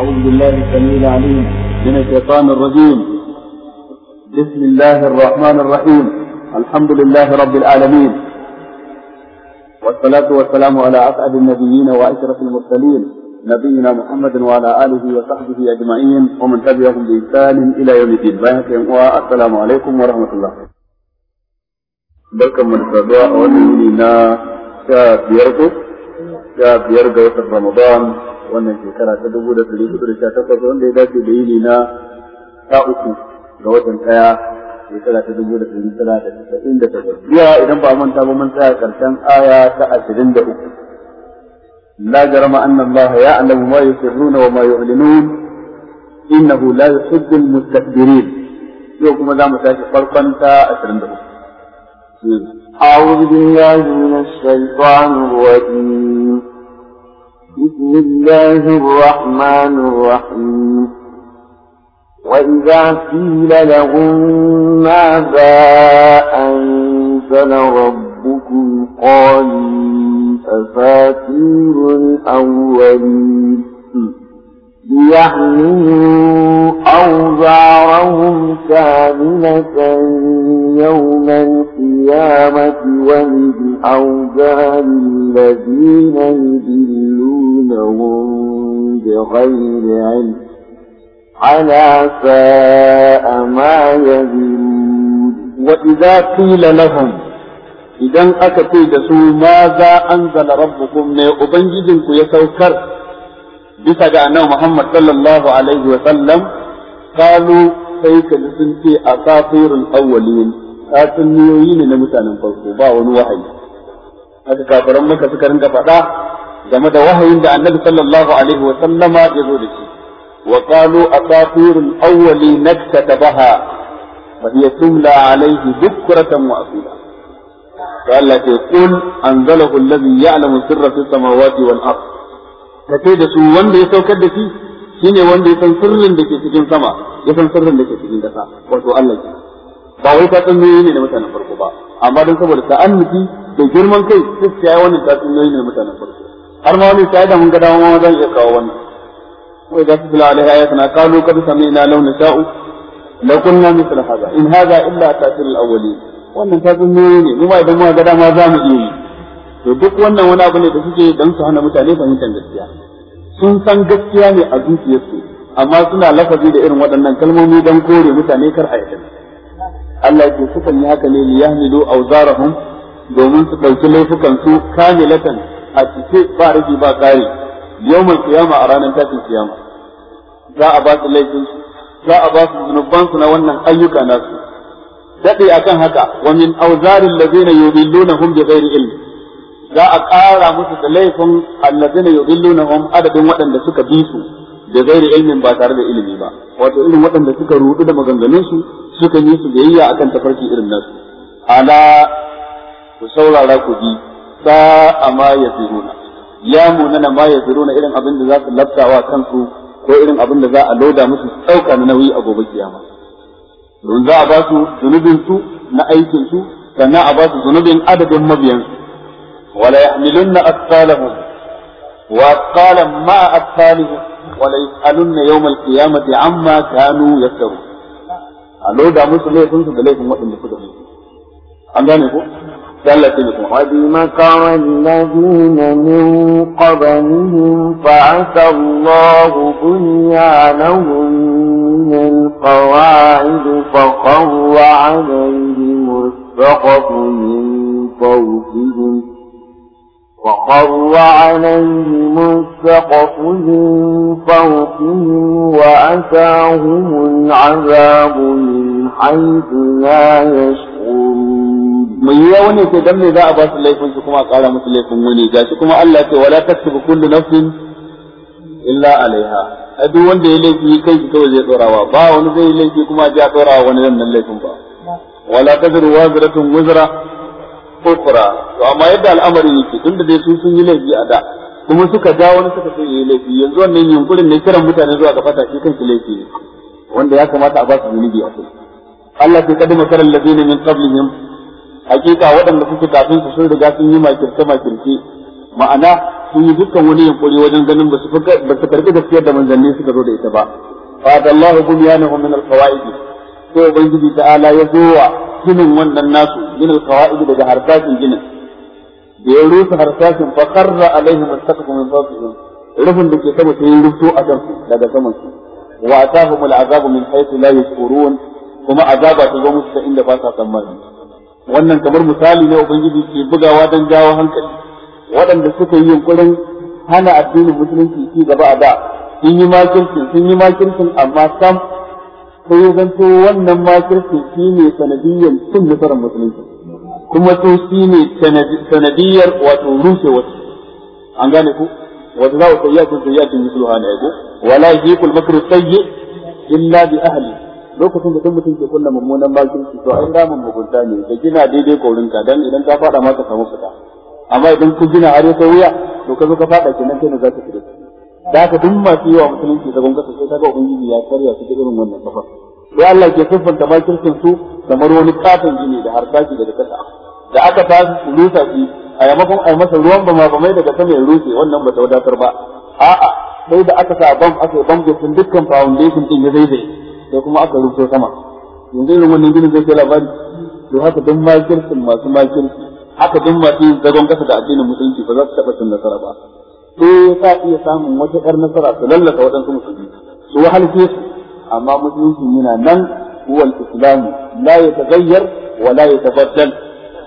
أعوذ بالله السميع العليم من الشيطان الرجيم بسم الله الرحمن الرحيم الحمد لله رب العالمين والصلاة والسلام على أسعد النبيين وأشرف المرسلين نبينا محمد وعلى آله وصحبه أجمعين ومن تبعهم بإحسان إلى يوم الدين والسلام عليكم ورحمة الله barkan من da saduwa شاب يرقص شاب يرقص رمضان wannan shekara ta dubu da ɗari hudu da sha takwas wanda ya dace da yini na sa uku ga watan ɗaya shekara ta dubu da ɗari tara da tasa'in da takwas. Biya idan ba manta ba mun tsaya ƙarshen aya ta ashirin da uku. لا جرم أن الله يعلم ما يسرون وما يعلنون إنه لا za mu tashi ذا متاكي فرقا تا أسرن أعوذ بالله من الشيطان الرجيم بسم الله الرحمن الرحيم وإذا قيل لهم ماذا أنزل ربكم قالوا أساطير الأولين ليحملوا أوزارهم كاملة يوم القيامة ومن أوزار الذين يدلونهم بغير علم على ساء ما يذلون وإذا قيل لهم إذا أكتي ماذا أنزل ربكم من أبنجدكم يسوكر bisa ga annabi Muhammad sallallahu alaihi wa sallam kalu sai ka sun ce asafirul awwalin tatsuniyoyi ne na mutanen farko ba wani wahayi haka kafiran maka suka rinka faɗa game da wahayin da annabi sallallahu alaihi wa sallam ya zo da shi wa qalu asafirul awwalin naktatabaha fa hiya tumla alaihi bukratan wa asila قال لك قل أنزله الذي يعلم السر في السماوات والأرض ka ce da su wanda ya saukar da shi shine wanda ya san sirrin da ke cikin sama ya san sirrin da ke cikin ƙasa wato Allah ke ba wai tatsuniyoyi ne na mutanen farko ba amma don saboda ta'annuki da girman kai duk ya yi wannan tatsuniyoyi ne na mutanen farko har ma wani sai da mun ga dawo ma zan iya kawo wannan wai da su alaiha ya sana kalu kad sami'na law nasha'u la kunna mithla hadha in hadha illa ta'til al-awwalin wannan tatsuniyoyi ne mu b'a idan mu ga dama za mu iya yi to duk wannan wani abu ne da suke dan su hana mutane fahimtar gaskiya sun san gaskiya ne a zuciyarsu amma suna lafazi da irin waɗannan kalmomi dan kore mutane kar a yi Allah ya ce sukan yi haka ne liyahmilu awzarahum domin su ɗauki laifukan su kamilatan a cike ba ba kare yawmal qiyama a ranar tashin kiyama za a ba su laifin su za a ba su zunuban su na wannan ayyuka nasu dade akan haka wa min awzaril ladina yudillunahum bighairi ilmi za a ƙara musu da laifin allazina yudillunahum adadin waɗanda suka bi su da gairi ilmin ba tare da ilimi ba wato irin waɗanda suka rudu da maganganun su suka yi su biyayya akan tafarki irin nasu ala ku saurara ku bi sa ma ya firuna ya munana ma ya firuna irin abin da za su laftawa kansu ko irin abin da za a loda musu ɗauka na nauyi a gobe kiyama don za a ba su zunubin su na aikin su sannan a ba su zunubin adadin mabiyansu ولا يحملن أثقالهم وأثقالا مع أثقالهم ولا يسألن يوم القيامة عما كانوا يفترون ألو دا مسلم يسنس بليكم وإن كتبوا أنداني هو قد مكر الذين من قبلهم فعسى الله بنيانهم من القواعد فقر عليهم السقف من فوقهم وقر عليهم السقف من فوقهم وأتاهم العذاب من حيث لا يشعرون mai yi wani ce dan me za a ba su laifin su kuma a ƙara musu laifin wani ga kuma Allah ce wala taktubu kullu nafsin illa alaiha a wanda ya laifi kai shi kawai zai tsorawa ba wani zai laifi kuma a ji a tsorawa wani laifin ba wala kufra to amma yadda al'amarin yake tunda dai su sun yi laifi a da kuma suka ja wani suka ce yi laifi yanzu wannan yunkurin ne kiran mutane zuwa ga fata shi kanki laifi ne wanda ya kamata a ba su zunubi a kai Allah ke kadima karal ladina min qablihim hakika waɗanda suke kafin su sun riga sun yi makirce makirce ma'ana sun yi dukkan wani yunkuri wajen ganin ba su karɓi gaskiyar da manzanni suka zo da ita ba fa da Allah bunyanahum min al sai ubangiji ta'ala ya zo wa ginin wannan nasu min alqawaid daga harsashin ginin da ya rufe harsashin fa qarra alaihim alsaqfu min fawqihim rufin da ke sama yin rufto a kan daga saman su wa atahum al'azabu min haythu la yashurun kuma azaba ta zo musu ta inda ba sa tsammani wannan kamar misali ne ubangiji ke bugawa don jawo hankali waɗanda suka yi yunkurin hana addinin musulunci ci gaba a da sun yi makircin sun yi makircin amma sam sai ya zanto wannan makirci shi ne sanadiyyar cin nasarar musulunci kuma to shi ne sanadiyyar wato rushe wasu an gane ku wata za ku ya kun sayya kun yusulu hana yago wala yakul makru sayyi illa bi ahli lokacin da mutum ke kulla mummunan makirci to ai ramin mugunta ne da gina daidai korinka dan idan ka fada ma ka samu fita amma idan ku gina har ya wuya to ka zo ka fada kenan kai ne za ka fita da haka duk masu yi wa musulunci zagon kasa sai kaga ubangiji ya karya su irin wannan kafar sai Allah ke siffanta makircin su kamar wani katon gini da harsashi daga kasa da aka ta su rusa shi a yamakon a masa ruwan ba mai daga sama ya rufe wannan ba ta wadatar ba a'a sai da aka sa bam aka yi bam gutun dukkan foundation din ya zaizaye sai kuma aka rufe sama yanzu irin wannan ginin zai kai labari to haka duk makircin masu makirci haka duk masu yin zagon kasa da addinin musulunci ba za su taɓa cin nasara ba E, ta iya samun wata ƴar nasara su lallaka waɗansu musulmi su wahalce su amma musulunci yana nan wal islamu. islam la tagayyar wa la tabaddal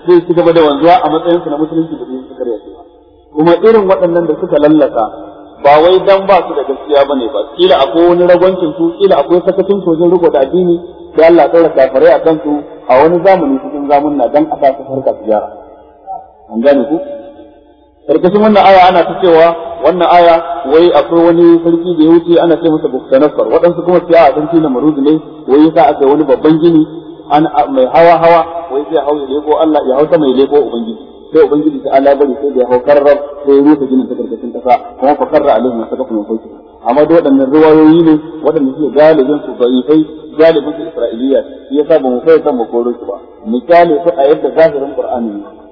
zai ci gaba da wanzuwa a matsayin su na musulunci da zai karya su kuma irin waɗannan da suka lallaka ba wai dan ba su da gaskiya bane ba kila akwai wani ragwancin su kila akwai sakacin sojin wajen da addini da Allah ɗaura fare a kansu a wani zamani cikin na dan a sa su farka su gyara an gane ku karkashin wannan aya ana ta cewa wannan aya wai akwai wani sarki da ya wuce ana ce masa buktanassar waɗansu kuma sai a sarki na ne wai yasa aka wani babban gini an mai hawa hawa wai sai hau ya leko Allah ya hausa mai leko ubangiji sai ubangiji ta Allah bari sai da ya hau karrar sai rufe ginin ta karkashin kasa kuma fa karra alaihi wa sallam kuma amma da waɗannan ruwayoyi ne waɗanda suke galibin su da'ifai galibin su isra'iliya shi yasa ba mu fahimta mu koro su ba misali su a yadda zahirin qur'ani ne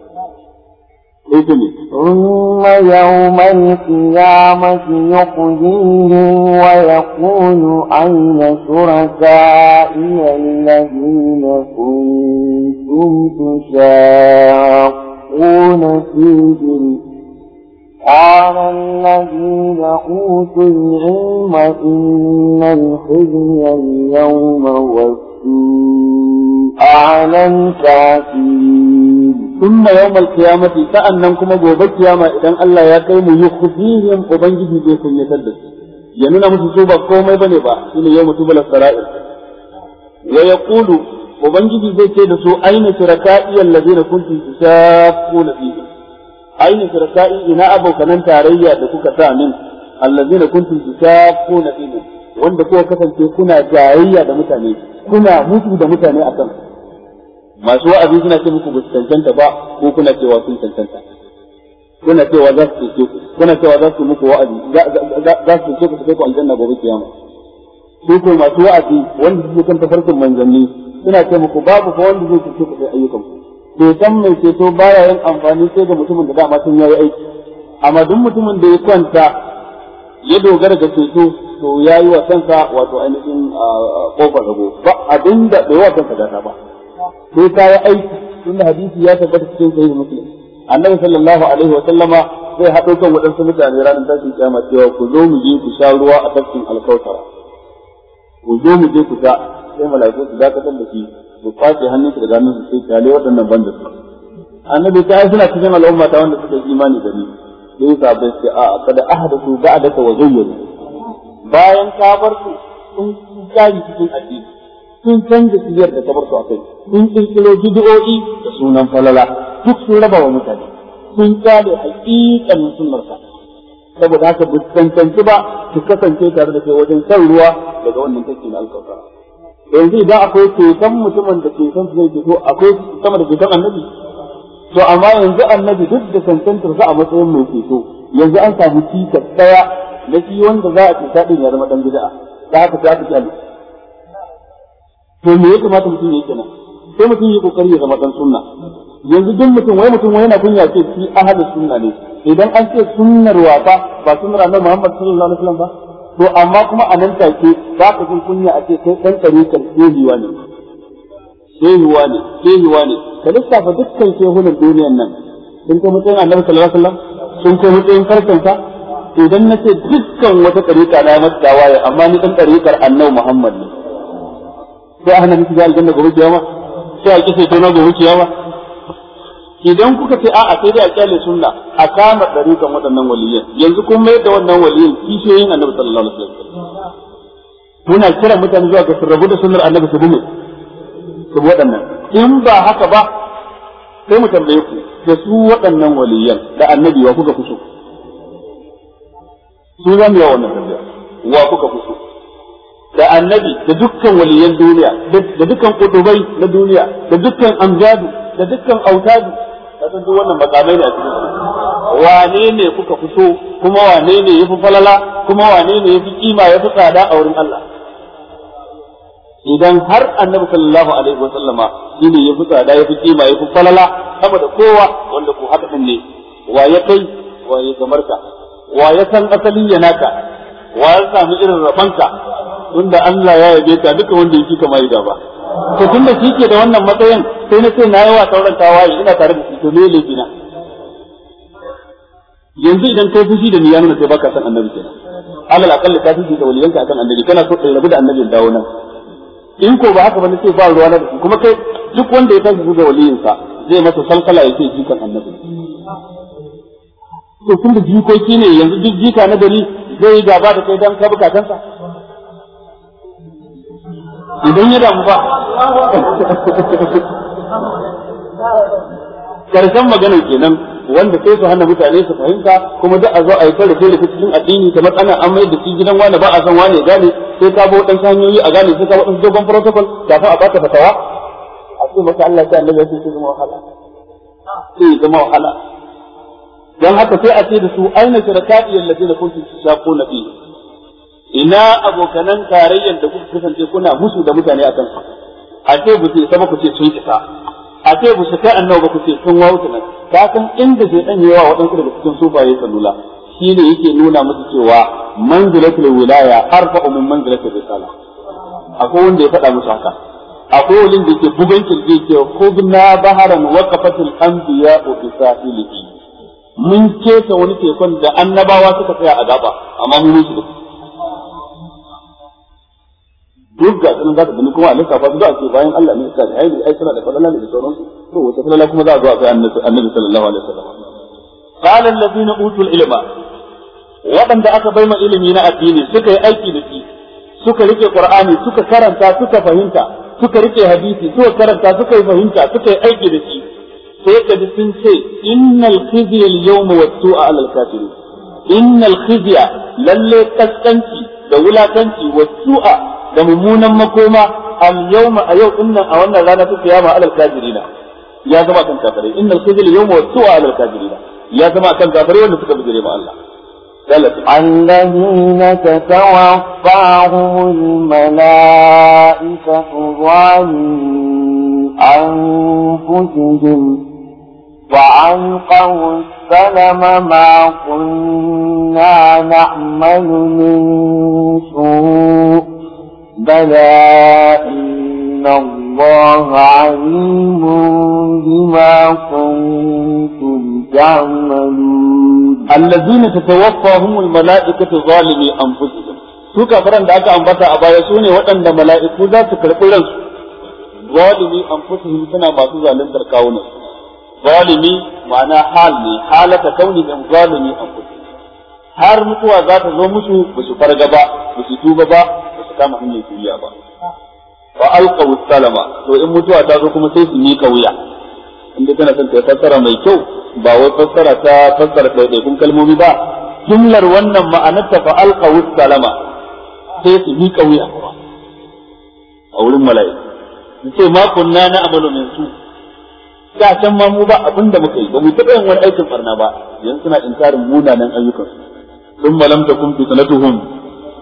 ثم يوم القيامة يخزيهم ويقول أين شركائي الذين كنتم تشاقون فيهم قال الذين أوتوا العلم إن الخزي اليوم والسوء أعلى الكافرين ثم يوم القيامة كأنكم جوب القيامة إذن الله يقيم يخفيهم وبنجه بيكم يتدس ينونا مسجوبة قوم ابن إبا إلى يوم تبل للسرائر ويقول وبنجه بيكم أين شركائي الذين كنتم تشاقون فيهم أين شركائي إن أبو كننت تاريا لكوكتا من الذين كنتم تشاقون فيهم wanda kuka kasance kuna jayayya da mutane kuna mutu da mutane akan masu wa'azi suna ce muku ba cancanta ba ko kuna cewa sun cancanta kuna cewa za su cece kuna cewa za su muku wa'azi za su cece ku su kai ku aljanna gobe kiyama su ko masu wa'azi wanda suke kan tafarkin manzanni suna ce muku babu fa wanda zai cece ku sai ayyukan ku san mai ceto baya yin amfani sai ga mutumin da dama sun yi aiki amma duk mutumin da ya kwanta ya dogara ga ceto to ya yi wa kansa wato ainihin kofar rago ba abin da bai wa kansa gata ba sai ta yi aiki tun da hadisi ya tabbata cikin da muslim annabi sallallahu alaihi wa sallama zai haɗo kan waɗansu mutane ranar tashin kyama cewa ku zo mu je ku sha ruwa a tafkin alkautara ku zo mu je ku sha sai mala'iku su dakatar da shi su kwace hannunsu daga hannun su sai kyale waɗannan da su annabi ta yi suna cikin al'umma ta wanda suka yi imani da ni sai sabai sai a kada ahdathu ba'daka wa zayyaru bayan ka bar su sun tsari cikin addini sun canza siyar da ka bar su kai, sun kirkiro bid'o'i da sunan falala duk sun raba wa mutane sun kyale haƙiƙanin sunnarka saboda haka ba cancanci ba su kasance tare da kai wajen san ruwa daga wannan take na alkawar yanzu idan akwai ceton mutumin da ceton zai fito akwai sama da ceton annabi to amma yanzu annabi duk da cancantar sa a matsayin mai ceto yanzu an samu cikas daya da shi wanda za a cuta din ya zama dan bid'a za ka ta aka kyale to me ya kamata mutum ya kenan sai mutum ya kokari ya zama dan sunna yanzu duk mutum wai mutum wai yana kunya ce shi ahlus sunna ne idan an ce sunnar wafa ba sunnar annabi Muhammad sallallahu alaihi wasallam ba to amma kuma a nan take za ka ji kunya a ce kai dan kan shehiwa ne shehiwa ne shehiwa ne ka lissafa dukkan shehunan duniyan nan sun kai mutum annabi sallallahu alaihi wasallam sun kai mutum farkanta idan na ce dukkan wata ɗariƙa na masu tawaye amma ni ɗan ɗariƙar annau Muhammad ne. Sai a hana miki za a aljanna gobe kiyama? Sai a kisa tona gobe kiyama? Idan kuka ce a'a sai dai a kyale sunna a kama ɗariƙan waɗannan waliyan yanzu kun mayar da wannan waliyan kishiyoyin annabi sallallahu alaihi sallam. Muna kira mutane zuwa ga da sunnar annabi su gume su waɗannan. In ba haka ba sai mu tambaye ku da su waɗannan waliyan da annabi wa kuka fi so. sun za wannan wa kuka fi da annabi da dukkan waliyan duniya da dukkan kudubai na duniya da dukkan amjadu da dukkan autadu da san duk wannan makamai ne a cikin wane ne kuka fi kuma wane ne yafi falala kuma wane ne yafi kima yafi tsada a wurin Allah idan har annabi sallallahu alaihi wa sallama shine yafi tsada yafi kima yafi falala saboda kowa wanda ko haka ne wa ya kai wa ya gamarka wa ya san asalin ya naka wa ya samu irin rabanka tunda Allah ya yabe ka duka wanda yake kama yi gaba to tunda kike ke da wannan matsayin sai na ce na yi wa sauran tawaye ina tare da shi to ne laifina yanzu idan kai fushi da ni ya nuna sai baka san annabi Allah alal aqalli ka fushi da waliyanka akan annabi kana so in rabu da annabi dawo nan in ko ba haka ba nace ba ruwa na da kuma kai duk wanda ya tafi da waliyinsa zai masa salkala ya ce jikan annabi to tun da jikoki ne yanzu duk jika na gari zai yi gaba da kai dan ka kansa idan ya damu ba karshen magana kenan wanda sai su hana mutane su fahimta kuma duk a zo a yi tare da cikin addini kamar ana an mai da shi gidan wani ba a san wani ya gane sai ka bo dan hanyoyi a gane sai ka bo dogon protocol fa a ta fatawa a ce masa Allah sai annabi ya ce zama wahala sai eh, zama wahala dan haka sai a ce da su aina shiraka'i su kuntum tashaquna fi ina abokanan tarayyan da kuka kasance kuna musu da mutane akan su a ce bu sai sama ku ce sun kisa a ce bu su kai annabi ku ce sun wauta nan ka san inda zai dan yawa waɗansu daga cikin sufaye salula shine yake nuna musu cewa manzilatul wilaya arfa min manzilatul risala akwai wanda ya faɗa musu haka akwai wani da ke bugancin zai ce ko na baharan waqafatul anbiya'u bi sahilihi mun keta wani tekun da annabawa suka tsaya a gaba amma mun musu da duk ga sun za ta gani kuma a ba su za a ce bayan Allah ne suka ai ai suna da falala ne da sauransu to wata falala kuma za a zo a kai annabi sallallahu alaihi wasallam qala alladhina utul ilma waɗanda aka bai ma ilimi na addini suka yi aiki da shi suka rike qur'ani suka karanta suka fahimta suka rike hadisi suka karanta suka yi fahimta suka yi aiki da shi sai ka ji sun ce innal khizya al yawma wa su'a ala al-kafirin innal khizya lalle kaskanci da wulakanci wattu'a da mummunan makoma al yawma a yau dinnan a wannan rana ta kiyama ala al-kafirin ya zama kan kafare innal khizya al yawma wa su'a ala al-kafirin ya zama kan kafare wanda suka bijire ma Allah الذين تتوفاهم الملائكة ظالمين أنفسهم وألقوا السلم ما كنا نعمل من سوء بلى إن الله عليم بما كنتم تعملون الذين تتوفاهم الملائكة ظالمي أنفسهم su kafiran da aka ambata a baya su ne waɗanda mala'iku za su karɓi ransu zalimi an fusuhin suna masu zaluntar kawunansu zalimi ma'ana hal ne halata kaunihim zalimi anfusihim har mutuwa za ta zo musu ba su farga ba ba su tuba ba ba su kama hanyar kuriya ba wa alqaw salama to in mutuwa ta zo kuma sai su mika wuya inda kana son ta fassara mai kyau ba wai fassara ta fassara kun kalmomi ba jumlar wannan ma'anar ta fa alqaw salama sai su mika wuya a wurin mala'iku sai ma kunna na amalu min su da can ma mu ba abin da muka yi ba mu taɓa yin wani aikin barna ba yanzu suna inkarin munanan ayyukan sun malam ta kun fitnatuhum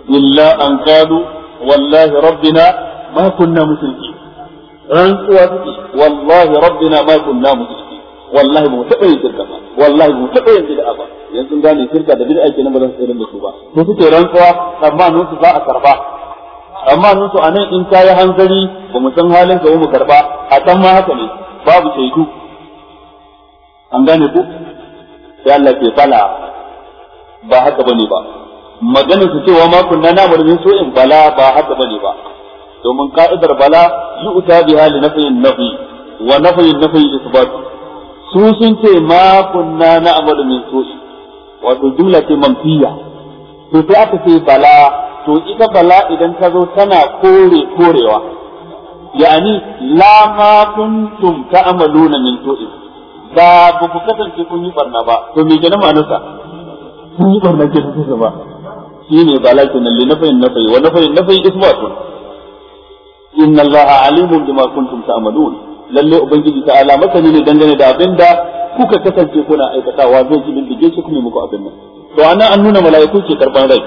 illa an qalu wallahi rabbina ma kunna musulki. rantsuwa suke wallahi rabbina ma kunna musulki. wallahi ba mu taɓa yin shirka ba wallahi ba mu taɓa yin bid'a ba yanzu gane shirka da bid'a kenan ba za su tsere da su ba to suke rantsuwa amma nun su za a karba amma nun su anan in kayi hanzari ba mu san halin ka mu karba a san ma haka ne babu shaidu an gane ku sai Allah ke fala ba haka bane ba maganin su cewa ma kunna na murmin so in bala ba haka bane ba domin ka'idar bala yu'ta biha li nafyin nafi wa nafyin nafi isbat su sun ce ma kunna na amalu min so wato jumla ce mamfiya to sai aka ce bala to ita bala idan ta zo tana kore korewa yani la ma kuntum ta'maluna min to'i ba ba ku kasance kun yi barna ba to me kenan ma'anarsa kun yi barna ke kuka ba shine balakin li nafayin nafayi wa nafayin nafayi isbatun inna allaha alimun bima kuntum ta'malun lalle ubangiji ta ta'ala masani ne dangane da abinda kuka kasance kuna aikatawa zai ji bindige shi kuma muku abin nan to ana an nuna mala'iku ke karban rai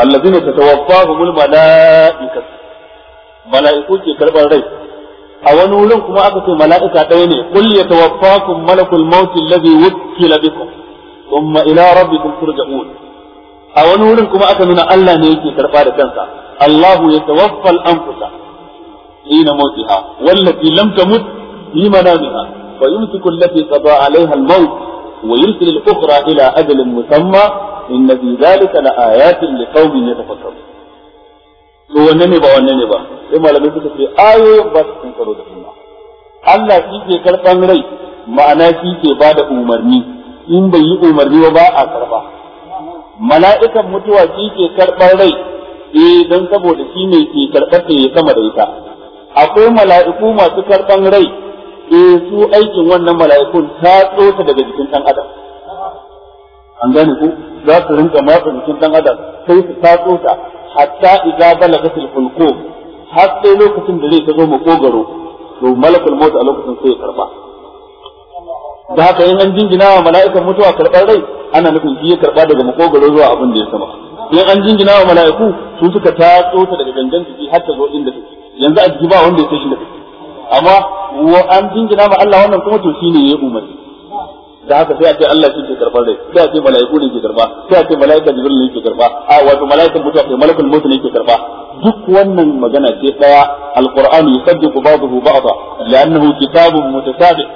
allazina tatawaffahumul mala'ikatu mala'iku ke karɓar rai a wani wurin kuma aka ce mala'ika ɗaya ne qul yatawaffakum malakul maut alladhi wukkila bikum thumma ila rabbikum turja'un a wani wurin kuma aka nuna Allah ne yake karɓa da kansa Allahu yatawaffa al-anfusa hina mautiha wallati lam tamut fi manamiha fa yumsiku allati qada 'alayha al-maut wa yursilu al-ukhra ila ajalin musamma inna fi dhalika la ayatin liqaumin yatafakkarun to wanne ne ba wanne ne ba sai malamai suka ce ayoyin ba su cin karo da suna. Allah shi ke karban rai ma'ana shi ke ba da umarni in bai yi umarni ba a karba mala'ikan mutuwa shi ke karban rai eh don saboda shi ne ke karɓar ta sama da ita akwai mala'iku masu karban rai eh su aikin wannan mala'ikun ta tsota daga jikin ɗan adam an gane ku za su rinka matsa jikin ɗan adam sai su ta tsota hatta idza balagat al-hulqum har sai lokacin da zai zo makogaro to malakul maut a lokacin sai ya karba da haka in an jingina wa mala'ikan mutuwa karɓar rai ana nufin shi ya karɓa daga makogaro zuwa abin da ya sama in an jingina wa mala'iku su suka ta tsota daga gangan jiki har ta zo inda take yanzu a jiki ba wanda ya kai shi da amma amma an jingina ma Allah wannan kuma to shine ya umarni da haka sai a ce Allah shi ke karɓar rai sai a ce mala'iku ne ke karɓa sai a ce mala'ika jibril ne ke karɓa a wato mala'ikan mutuwa sai malakul maut ne ke karɓa duk wannan magana ce daya alqur'anu yusaddiqu ba'dahu ba'dha li'annahu kitabun mutasabih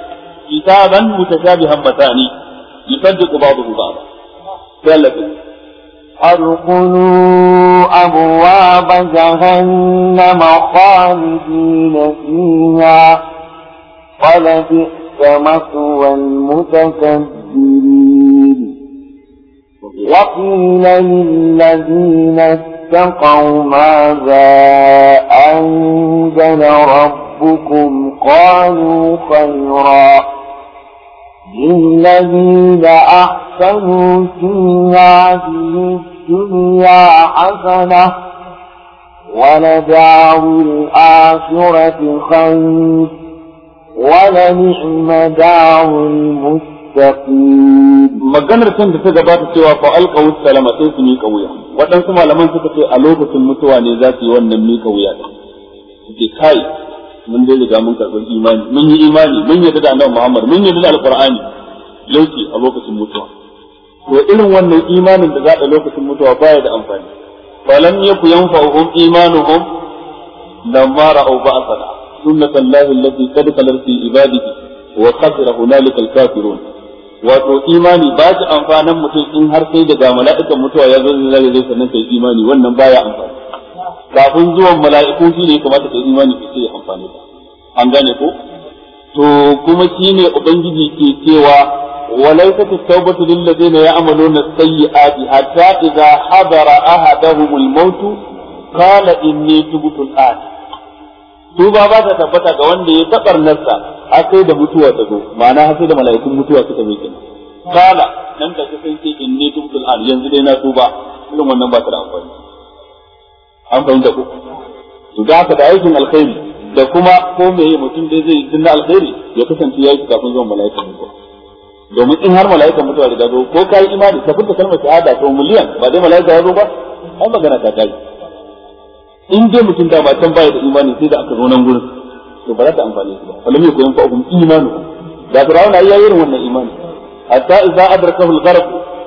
kitaban mutasabihan matani yusaddiqu ba'dahu ba'dha sai Allah ادخلوا أبواب جهنم خالدين فيها ولبئس فمثوى المتكبرين وقيل للذين اتقوا ماذا أنزل ربكم قالوا خيرا للذين أحسنوا في هذه الدنيا حسنة ولدار الآخرة خير ولنعم دعو maganar can da ta gabata cewa fa alqaw salama sai su mika wuya waɗansu malaman suka ce a lokacin mutuwa ne za su yi wannan mika wuya da. ke kai mun dai riga mun karɓar imani mun yi imani mun yarda da annabi Muhammad mun yi da alqur'ani yauki a lokacin mutuwa to irin wannan imanin da za a lokacin mutuwa baya da amfani falam yaku yanfa'uhum imanuhum lamma ra'u ba'sana سنة الله التي qad khalat wato imani ba ta amfanan mutum in har sai daga mala'ikan mutuwa ya zo zai zai sannan kai imani wannan baya amfani kafin zuwan mala'iku shi ne kamata kai imani ka sai amfani ka an gane ko to kuma shine ubangiji ke cewa وليست التوبة للذين يعملون السيئات حتى إذا حضر أحدهم الموت قال إني تبت الآن tuba ba ta tabbata ga wanda ya tabarnarsa har sai da mutuwa ta zo ma'ana har sai da mala'ikun mutuwa suka miƙe kala nan da ka sai sai inni tubtu al'an yanzu dai na tuba irin wannan ba ta da amfani an fahimta ku to da ka da aikin alkhairi da kuma ko meye mutum dai zai dinna alkhairi ya kasance ya yi kafin zuwan mala'ikun mutuwa domin in har mala'ikan mutuwa da zo ko kai imani ka fita kalmar shahada to miliyan ba dai mala'ika ya zo ba an magana ta kai in dai mutum dama can baya da imani sai da aka zo nan gurin to ba za ta amfane su ba falam yakun fa'um imanu da firawuna ya yi irin wannan imani hatta idza adrakahu al-gharq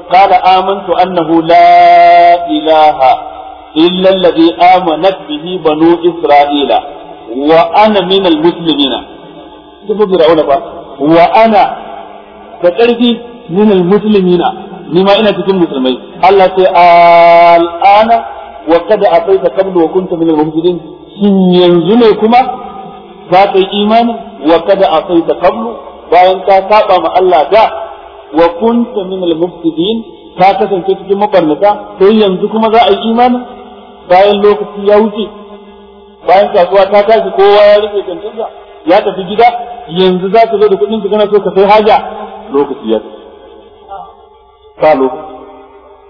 qala amantu annahu la ilaha illa alladhi amanat bihi banu isra'ila wa ana min al-muslimin dubu firawuna ba wa ana ka karfi min al-muslimin ni ma ina cikin musulmai Allah sai al'ana wa qad ataita qablu wa kunta min al-mumtadin shin yanzu ne kuma za ka yi imani wa qad ataita qablu bayan ka saba ma Allah da wa kunta min al-mumtadin ka kasance cikin mabarnata sai yanzu kuma za a yi imani bayan lokaci ya wuce bayan kasuwa ta tashi kowa ya rike kantinsa ya tafi gida yanzu za ka zo da kudin ka kana so ka sai haja lokaci ya ka lokaci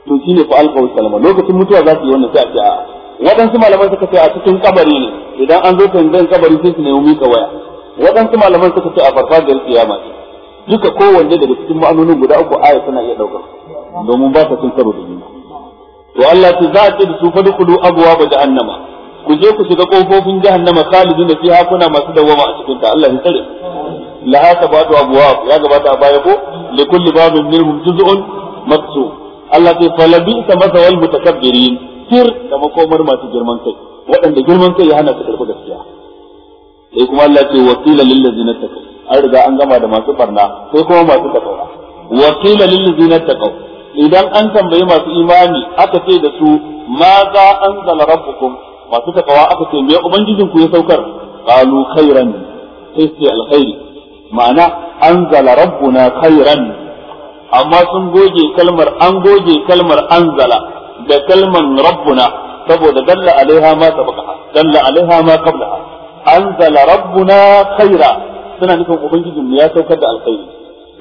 to ne fa alqaw salama lokacin mutuwa za su yi wannan sai a ce a waɗansu malaman suka ce a cikin kabari ne idan an zo tambayan kabari sai su nemi mika waya waɗansu malaman suka ce a farfajiyar kiyama ce duka kowanne daga cikin ma'anonin guda uku aya suna iya ɗaukar domin ba ta cin karo da juna to Allah ce za a ce da su fa dukulu abuwa ba jahannama ku je ku shiga kofofin jahannama da fi hakuna masu dawama a cikin ta Allah ya tsare laha sabatu abuwa ya gabata a baya ko likulli babin minhum juz'un maqsum Allah ta ce falabi ta masa wal mutakabbirin tir da makomar masu girman kai waɗanda girman kai ya hana su karɓi gaskiya sai kuma Allah ce wakila lil ladzina taqaw an riga an gama da masu barna sai kuma masu takawa wakila lil ladzina taqaw idan an tambayi masu imani aka ce da su ma za anzala rabbukum masu takawa aka ce me ubangijin ku ya saukar Kalu khairan sai sai alkhairi ma'ana anzala rabbuna khairan amma sun goge kalmar an goge kalmar anzala da kalmar rabbuna saboda dalla alaiha ma sabaqaha dalla alaiha ma qablaha anzala rabbuna khaira suna nufin ubangijin ya saukar da alkhairi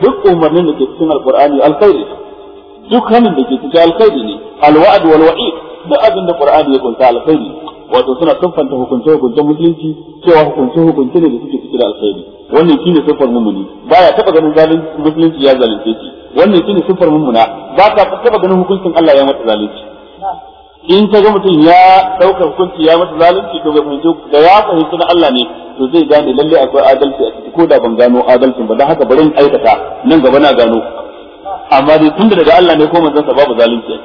duk umarnin da ke cikin alqur'ani alkhairi duk hanin da ke cikin alkhairi ne alwa'd wal wa'id duk abin da qur'ani ya kunta alkhairi wato suna siffanta hukunce hukunce musulunci cewa hukunce hukunce ne da suke cikin alkhairi wannan shine siffar mumuni baya taba ganin zalunci musulunci ya zalunce shi wannan shine sufar mummuna ba ka taba ganin hukuncin Allah ya mata zalunci in ka ga mutum ya ɗaukar hukunci ya mata zalunci to bai fahimci da ya fahimci na Allah ne to zai gane lalle akwai adalci a ciki ko da ban gano adalcin ba dan haka bari in aikata nan gaba na gano amma dai tun daga Allah ne ko manzon sa babu zalunci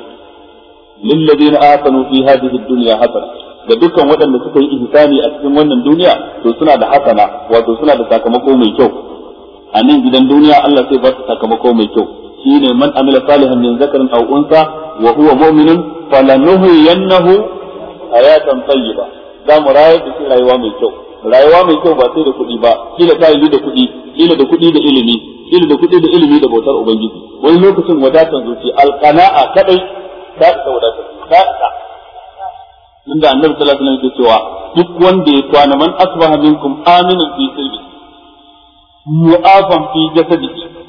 lil ladina asanu fi hadhihi dunya hasana da dukkan waɗanda suka yi ihsani a cikin wannan duniya to suna da hasana wato suna da sakamako mai kyau a nan gidan duniya Allah sai ba su sakamako mai kyau shine man amila salihan min zakarin aw unsa wa huwa mu'minun falanuhyiyannahu hayatan tayyiba da mu rayar da shi rayuwa mai kyau rayuwa mai kyau ba sai da kuɗi ba kila ta yi da kuɗi kila da kuɗi da ilimi kila da kuɗi da ilimi da bautar ubangiji wani lokacin wadatar zuci alqana'a kadai ta isa wadatar ta isa inda annabi sallallahu alaihi wasallam yake cewa duk wanda ya kwana man asbaha minkum aminan fi sirri mu'afan fi jasadihi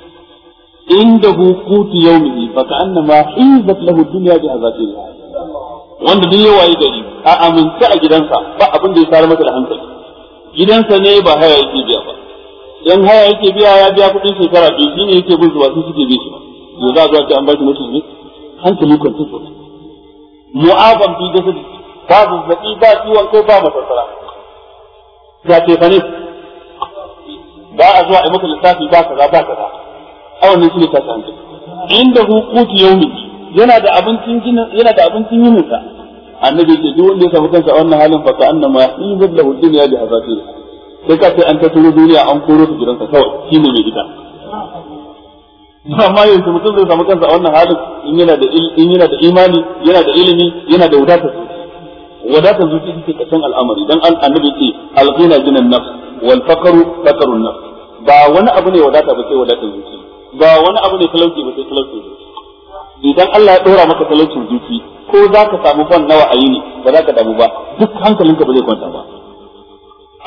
indahu quti yawmihi fa ka'annama hizat lahu dunya bi azatiha wanda duk ya waye gari a amince a gidansa ba abin da ya sare masa da hankali gidansa ne ba haya yake biya ba dan haya yake biya ya biya kudin shekara biyu shine yake bin zuwa sun suke bi shi yanzu za a zuwa ce an ba shi mutum ne hankali kan tuko mu'azam bi jasadi ba zazzabi ba ciwon kai ba ce ga tefane ba a zuwa a maka lissafi ba kaza ba kaza a ne shine ta hankali inda hu yau ne yana da abincin jinin yana da abincin yinin sa annabi ce duk wanda ya samu kansa a wannan halin fa kana ma yuzil lahu dunya bi hazatiha sai ka ce an ta turo duniya an koro ta gidansa kawai ne mai gida amma yanzu mutum zai samu kansa a wannan halin in yana da in yana da imani yana da ilimi yana da wadatar wadatar zuci take kasan al'amari dan annabi ce alqina jinan nafs wal faqru faqrun nafs ba wani abu ne wadata ba sai wadatar zuci ba wani abu ne talauci ba sai talauci ne idan Allah ya dora maka talaucin jiki, ko za ka samu ban nawa a ne ba za ka damu ba duk hankalinka ba zai kwanta ba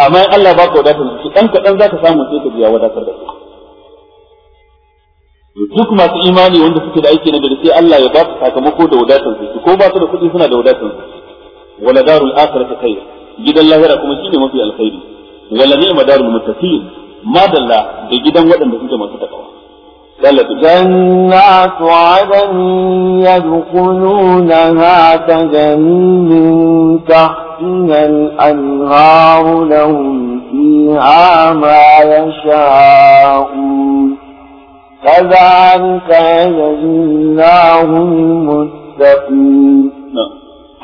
amma in Allah ba ka wadatar zuci dan kaɗan za ka samu sai ka biya wadatar da su duk masu imani wanda suke da aiki na gari sai Allah ya ba su sakamako da wadatar su ko ba su da kuɗi suna da wadatar su wala darul akhirati kai gidan lahira kuma shine mafi alkhairi wala ni'ma darul muttaqin madalla da gidan waɗanda suke masu takawa جنات عدن يدخلونها تجني تحتها الأنهار لهم فيها ما يشاءون كذلك الله المتقين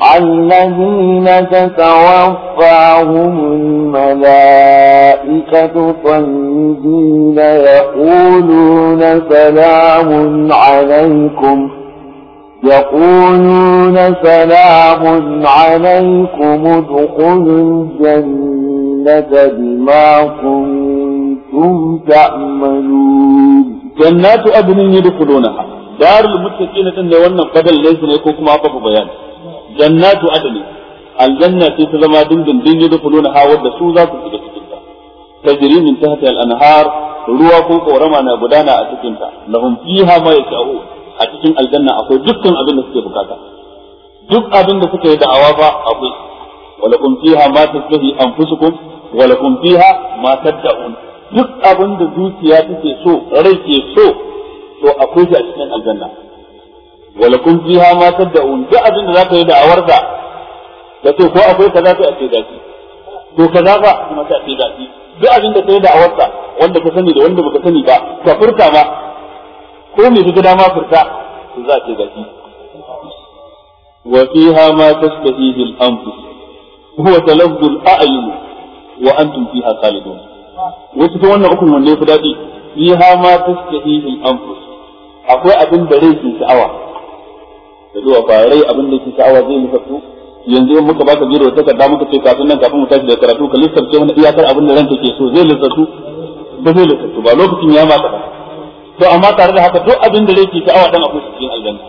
الذين تتوفاهم الملائكة طيبين يقولون سلام عليكم يقولون سلام عليكم ادخلوا الجنة بما كنتم تأملون جنات أبنين يدخلونها دار المتقين إن وانا قبل ليس لكم أطف بيان jannatu adli aljanna sai ta zama dindindin yadkhuluna ha wadda su za su shiga cikin ta tajri min tahtiha al-anhar ruwa ko korama na gudana a cikin ta lahum fiha ma yasha'u a cikin aljanna akwai dukkan abin da suke bukata duk abin da suke da'awa ba akwai walakum fiha ma tasbihi anfusukum walakum fiha ma tad'un duk abin da zuciya take so rai ke so to akwai shi a cikin aljanna Wala walakum fiha ma tad'un duk abin da zaka yi da awarda da to ko akwai kaza sai a ce gashi to kaza ba kuma sai a ce gashi duk abin da kai da awarda wanda ka sani da wanda baka sani ba ka furta ma ko me kaga dama furta to za a ce gashi wa fiha ma tashtahihi al-anfus huwa talaffu al-a'yun wa antum fiha khalidun wasu ta wannan ukun wanne ku dadi fiha ma tashtahihi al-anfus akwai abin da rai ke sha'awa da zuwa farai abin da yake sha'awa zai muka su yanzu muka baka biro da takarda muka ce kafin nan kafin mu tashi da karatu ka lissafce wani iyakar abin da ranka ke so zai lissaftu ba zai lissaftu ba lokacin ya maka to amma tare da haka duk abin da yake sha'awa dan akwai cikin aljanna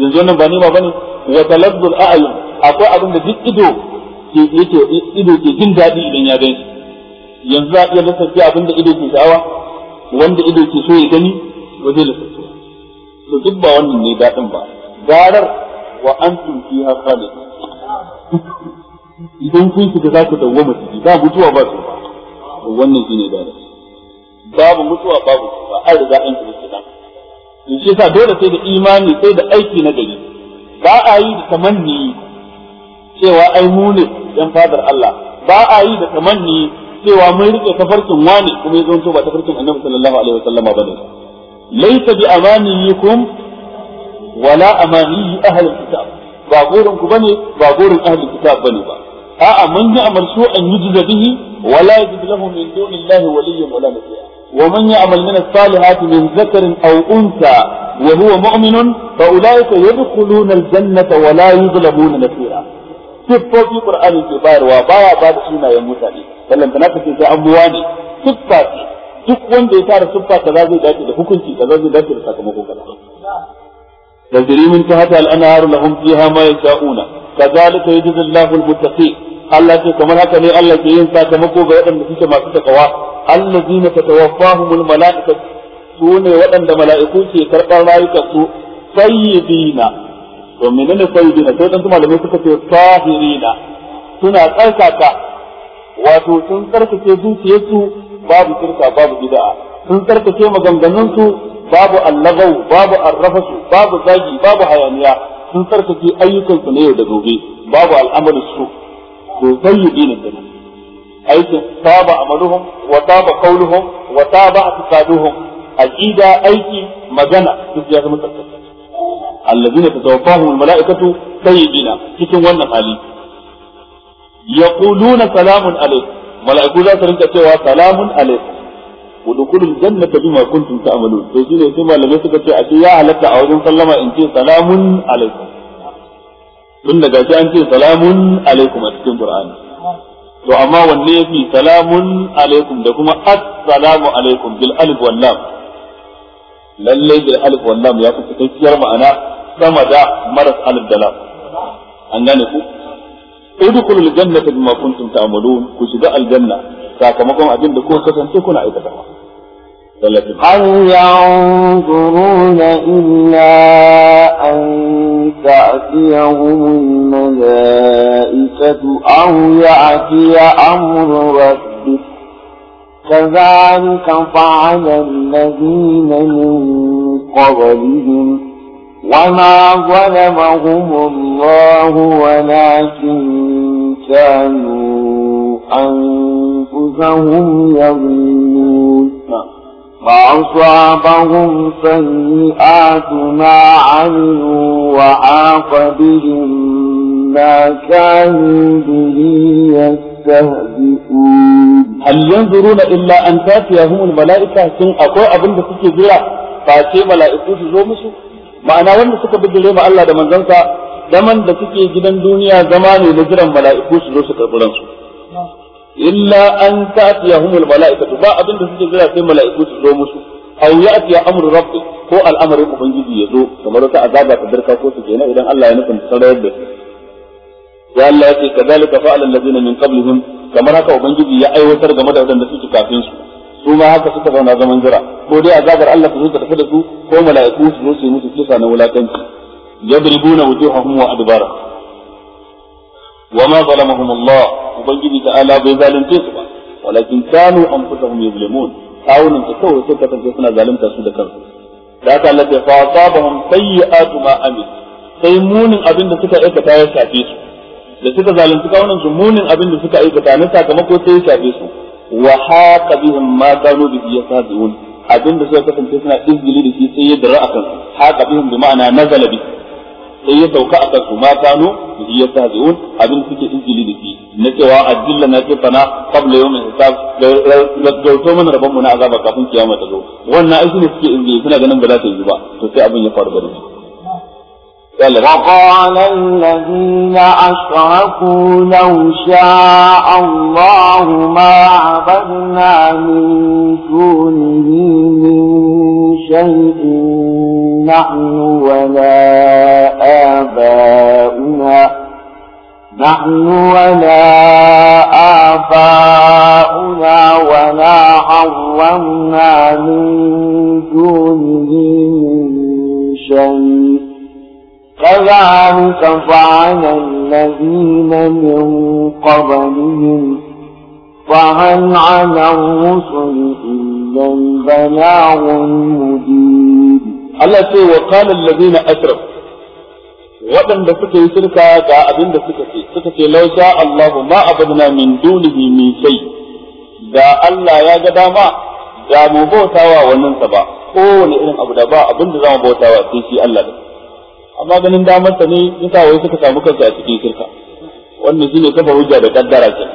yanzu nan ba ba bane wa al a'yun akwai abin da duk ido yake ido ke jin daɗi idan ya gani yanzu za a iya lissafce abin da ido ke sha'awa wanda ido ke so ya gani ba zai lissafce to duk ba wannan ne daɗin ba garar wa an antum fiha khalidun idan kun shiga za ku dawwama ciki ba mutuwa ba su ba wannan ne garar babu mutuwa babu ba an riga an shiga cikin to shi sa dole sai da imani sai da aiki na gari ba a yi da tamanni cewa ai mu ne dan fadar Allah ba a yi da tamanni cewa mun rike tafarkin wani kuma ya zonto ba tafarkin Annabi sallallahu alaihi wasallama bane laita bi amaniyikum wala amani ahlul kitab ba burin ku bane ba burin ahlul kitab bane ba a'a man ya'mal su'an yujza bihi wala yajid lahu min dunillahi waliyyan wala nasiya ومن يعمل من الصالحات من ذكر أو أنثى وهو مؤمن فأولئك يدخلون الجنة ولا يظلمون نفيرا سفة في قرآن الكبار وبايا بعد سنة يموت فلن تنافس في أمواني سفة duk wanda ya tara siffa kaza zai dace da hukunci kaza zai dace da sakamako kaza تجري من تحتها الأنهار لهم فيها ما يشاءون كذلك يجزي الله المتقين Allah ce kamar haka ne Allah ke yin sakamako ga waɗanda suke masu takawa allazina tatawaffahumul mala'ika su ne waɗanda mala'iku ke karɓar rayukan su sayyidina menene sayyidina sai dan malamai suka ce sahirina suna tsarkaka wato sun tsarkake zuciyarsu babu shirka babu sun babu allagau babu arrafasu babu zagi babu hayaniya sun tsarkake ayyukansu ne yau da gobe babu al'amarin su to zayyidin da nan aikin saba amaluhum wa saba qauluhum wa saba atiqaduhum aqida aiki magana duk ya zama tsarkake allazina tatawaffahum almalaikatu sayyidina cikin wannan hali yaquluna salamun alaykum mala'iku za su rinka cewa salamun alaikum ودخول الجنة بما كنتم تعملون فشين يسمى لم يسكت أشياء عليك أو سلم إن سلام عليكم tun daga shi an ce salamun alaikum a cikin Qur'ani to amma wanne yafi salamun alaikum da kuma assalamu alaikum bil alif wal lam bil alif wal ya fi cikakkiyar ma'ana sama da maras alif da ku ku shiga aljanna sakamakon abin da ko kasance kuna aikatawa. Tallafi. An yanzuru na ina an ta fiye hun mala ikatu an ya fiye amurin rasu. Kazalika fa'alar lazina min qablihim wama ظلمهم الله ولكن كانوا أن فهم يظلمون فأصابهم سيئات ما عملوا وحاق بهم ما كانوا به يستهزئون هل ينظرون إلا أن تأتيهم الملائكة سن أقوى أبن بسكي جرا فأتي ملائكة زومسو ma'ana wanda suka bijire ma Allah da manzansa zaman da suke gidan duniya zama ne na jiran mala'iku su zo su karɓi ransu illa an humul mala'ikatu ba abin da suke jira sai mala'iku su zo musu aw ya'tiya amru rabbi ko al'amarin ubangiji ya zo kamar wata azaba ta dirka ko su kenan idan Allah ya nufin sarayar da su ya Allah ya ce kadhalika fa'ala allazina min qablihim kamar haka ubangiji ya aiwatar game da wadanda suke kafin su su ma haka suka zauna zaman jira ko dai azabar Allah su zo ta tafi da su ko mala'iku su zo su musu kisa na wulakanci yadribuna wujuhahum wa adbara وما ظلمهم الله ubangiji ta ala bai zalunce su ba walakin kanu anfusahum yuzlimun kawunan su kawai sai kasance suna zalunta su da kansu da haka Allah ya fa asabahum sayyi'atu ma amil sai munin abin da suka aikata ya shafe su da suka zalunci kawunan su munin abin da suka aikata na sakamako sai ya shafe su wa haqa bihim ma kanu bihi yasadiun abin da suka kasance suna izgili da shi sai ya dara akan haqa bihim bi ma'ana nazala bihi sai ya sauka a kansu ma kano da shi ya sa abin da suke injili da shi na cewa addilla na ce fana yau mai hisab to mana rabon mu na azaba kafin kiyama ta zo wannan aiki ne suke inda suna ganin ba za ta yi ba to sai abin ya faru gare su وقال الذين أشركوا لو شاء الله ما عبدنا من دونه من شيء نحن ولا آباؤنا نحن ولا آباؤنا ولا حرمنا من دونه من شيء كذلك فعل الذين من قبلهم فهل على الرسل إلا البلاغ المبين الله وقال الذين أسرفوا waɗanda suka yi shirka ga abin da suka ce suka ce law Allahu ma abadna min dunihi min shay da Allah ya ga dama da mu bautawa wannan sa ba kowane irin abu da ba abin da zamu bautawa sai shi Allah da amma ganin damar ta ne yasa wai suka samu kansu a cikin shirka wannan shine kafa hujja da kaddara ke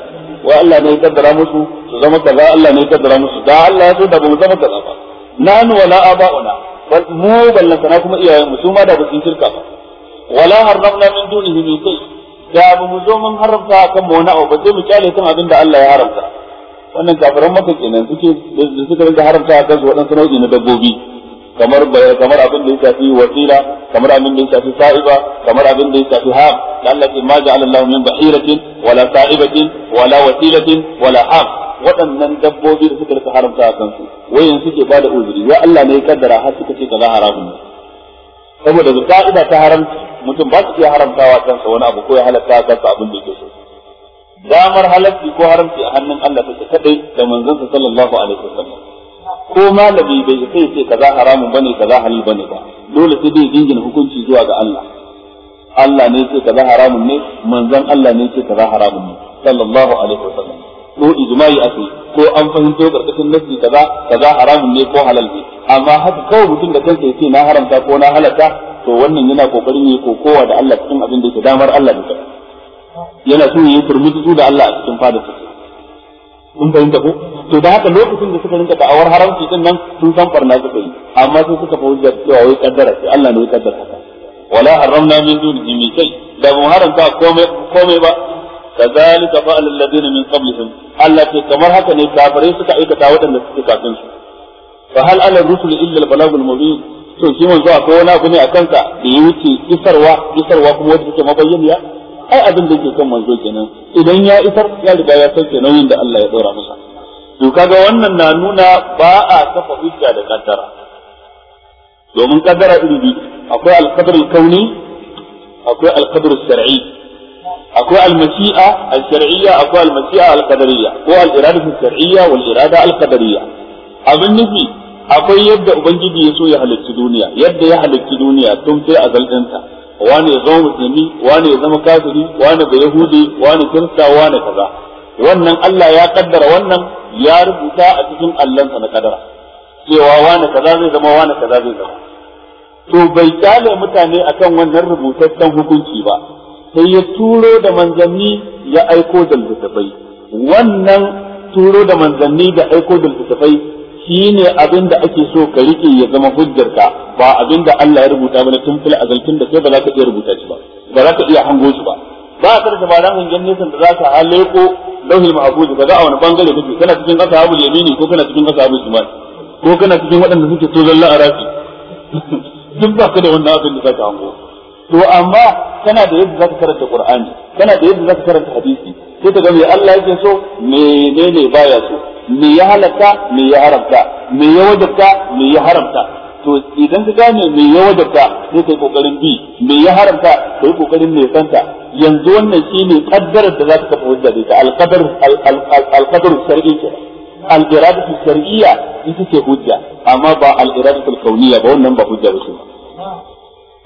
wa Allah ne ya kaddara musu su zama kaza Allah ne ya kaddara musu da Allah ya so da ba mu zama kaza ba nanu wala aba'una bal mu ballantana kuma iyayen mu su ma da ba shirka ba wala harramna min dunihi min shay da ba mu mun haramta kan mu wani abu ba sai mu kyale kan abin da Allah ya haramta wannan kafiran maka kenan suke suka rinka haramta a kansu na dabbobi kamar abin da ya shafi wasila kamar abin da ya shafi sa'iba kamar abin da ya shafi ham da Allah ce ma Allah min bahiratin wala sa'ibatin wala wasilatin wala ham waɗannan dabbobi da suka rinka haramta a kansu wayan suke bada uzuri ya Allah ne ya kaddara har suka ce kaza haramun ne saboda da ka'ida ta haramci mutum ba su iya haramtawa kansa wani abu ko ya halatta kansa abin da yake so damar halarci ko haramci a hannun Allah ta kadai da manzon sallallahu alaihi wasallam ko malami bai sai ka kaza haramun bane kaza halal bane ba dole sai dai dingina hukunci zuwa ga Allah Allah ne ce kaza haramun ne manzon Allah ne ce kaza haramun ne sallallahu alaihi wasallam ko ijma'i ake ko an fahimto karkashin nasi kaza kaza haramun ne ko halal ne amma haka kawai mutum da kansa yace na haramta ko na halata to wannan yana kokarin yi kokowa da Allah cikin abin da yake damar Allah ne yana so yi turmutu da Allah a cikin fadar sa kun fahimta ko to da haka lokacin da suka rinka da'awar haramci din nan sun san farna suka yi amma sai suka fahimta cewa wai kaddara sai Allah ne ya kaddara haka wala haramna min dunihi min shay da mu haramta komai komai ba kazalika fa'al alladhina min qablihim Allah ce kamar haka ne kafirai suka aikata waɗanda suke kafin su fa hal ala rusul illa al-balagul mubin to shi manzo akwai wani abu ne akan ka da ya wuce isarwa isarwa kuma wanda take mabayyaniya ai abin da yake kan kenan idan ya isar ya riga ya sauke nauyin da Allah ya dora masa to ga wannan na nuna ba a kafa hujja da kaddara domin kaddara iri akwai al-qadr al-kauni akwai al-qadr akwai almasi'a al-shar'iyya akwai almasi'a al-qadariyya ko al-iradatu al-shar'iyya wal irada al-qadariyya abin nufi akwai yadda ubangiji ya so ya halicci duniya yadda ya halicci duniya tun sai a dinta wani ya zama musulmi wani ya zama kafiri wani ba yahudi wani kirista wani kaza wannan Allah ya kaddara wannan ya rubuta a cikin allansa na kadara cewa wani kaza zai zama wani kaza zai zama to bai kyale mutane akan wannan rubutaccen hukunci ba sai ya turo da manzanni ya aiko da littafai wannan turo da manzanni da aiko da littattafai shine abin da ake so ka rike ya zama hujjarka ba abin da Allah ya rubuta mana tun fil azalkin da sai ba za ka iya rubuta shi ba ba za ka iya hango shi ba ba ka da dan hangen nesan da za ka haleko lauhil mahfuz ba za a wani bangare kake kana cikin ashabul yamini ko kana cikin ashabul shimal ko kana cikin waɗanda suke tozon la'arafi duk ba ka da wannan abin da za ka hango to amma kana da yadda zaka karanta Qur'ani kana da yadda zaka karanta hadisi sai ka ga me Allah yake so me ne ne baya so me ya halatta me ya haramta me ya wajabta me ya haramta to idan ka gane me ya wajabta sai kai kokarin bi me ya haramta kai kokarin ne santa yanzu wannan shine kaddarar da zaka kafa hujja da ita al-qadar al-qadar shar'i kenan al-iradatu shar'iyya ita ce hujja amma ba al-iradatu al-kauniyya ba wannan ba hujja ba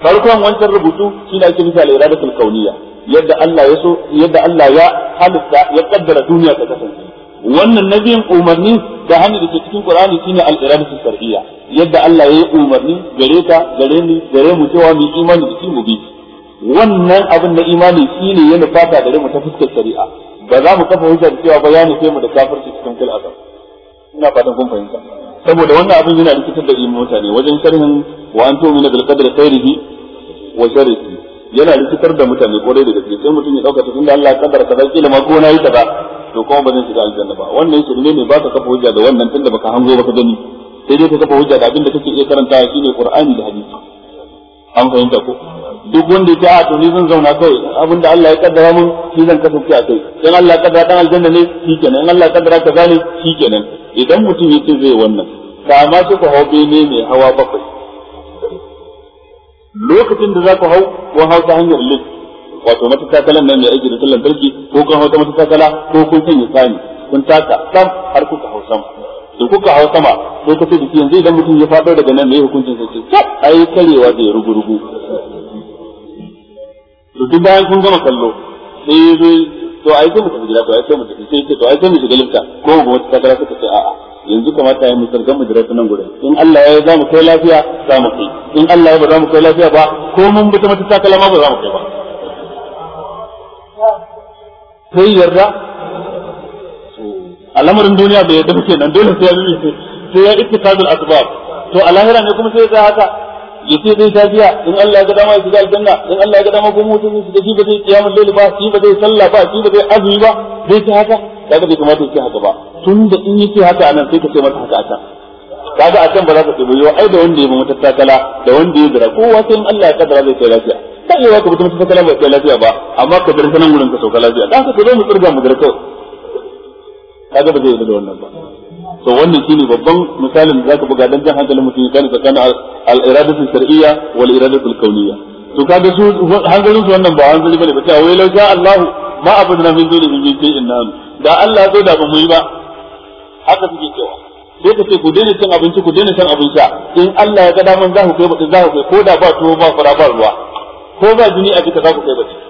farkon wancan rubutu shine ake nufi al-iradatul kauniyya yadda Allah ya so yadda Allah ya halitta ya kaddara duniya ta kasance wannan nabiyin umarni da hannu da ke cikin Qur'ani shine al-iradatul shar'iyya yadda Allah ya yi umarni gare ka gare ni gare mu cewa mu imani da mu bi wannan abin na imani shine yana fata gare mu ta fuskar shari'a ba za mu kafa hujjar cewa ba ya nufe mu da kafirci cikin kulazam ina fatan kun fahimta saboda wannan abin yana rikitar da mutane wajen sharhin wa an tu'mina bil qadri khairihi wa sharrihi yana rikitar da mutane kwarai da gaske sai mutum ya dauka ta da Allah ya kaddara kaza kila ma ko nayi kaza to kuma ba zan shiga aljanna ba wannan shirme ne ba ka kafa hujja da wannan tunda baka hango baka gani sai dai ka kafa hujja da abin da kake iya karanta ne Qur'ani da hadisi an fahimta ko duk wanda yake a to ni zan zauna kai abin da Allah ya kaddara mun shi zan kasance a kai in Allah ya kaddara dan aljanna ne shikenan in Allah ya kaddara kaza ne shikenan idan mutum yake zai wannan kama shi ko hobe ne mai hawa bakwai lokacin da za ku hau ko hau ta hanyar lit wato mata takalan nan mai aiki da tallan tarki ko kun hau ta takala ko kun sanya sani kun taka sam har kuka hau sam da kuka hau sama sai ka ce da yanzu idan mutum ya faɗo daga nan mai hukuncin sai ce ai karewa zai rugu rugu to duk bayan kun gama kallo sai to ai sai mu tafi gida ko ai sai mu tafi sai ce to ai sai mu shiga lifta ko mu wata takara suka ce a'a yanzu kamata ya mu sargan mu jira nan gudun in Allah ya za mu kai lafiya za mu kai in Allah ya ba za mu kai lafiya ba ko mun bi ta mata kalama ba za mu kai ba sai yarda al'amarin duniya bai yadda muke nan dole sai ya ita sai ya asbab to a lahira ne kuma sai ya ga haka yace zai ta biya in Allah ya ga dama shiga aljanna in Allah ya ga dama kuma mutum shi shi ba zai kiyamul layl ba shi ba zai sallah ba shi ba zai azumi ba zai ta haka kaga bai kamata yake haka ba tun da in yake haka anan sai ka ce masa haka akan kaga a can ba za ka ce yau ai da wanda ya bi matattakala da wanda ya zira kowa sai in Allah ya kaddara zai kai lafiya sai ya ka bi matattakala ba kai lafiya ba amma ka bar sanan gurin ka sauka lafiya dan ka zo mu tsirga mu garkau kaga ba zai yi da wannan ba to wannan shine babban misalin da zaka buga dan jan hankalin mutum kan tsakanin al-iradatu shar'iyya wal iradatu al-kawniyya to kaga su hankalin su wannan ba hankali bane ba ta wai lau ja Allah ma abudna min duni min shay'in nan da Allah zo da ba mu yi ba haka suke cewa sai ka ce ku daina cin abinci ku daina cin abin sha in Allah ya ga daman za ku kai ba za ku kai ko da ba tuwo ba fara ba ruwa ko ba jini a jika za ku kai ba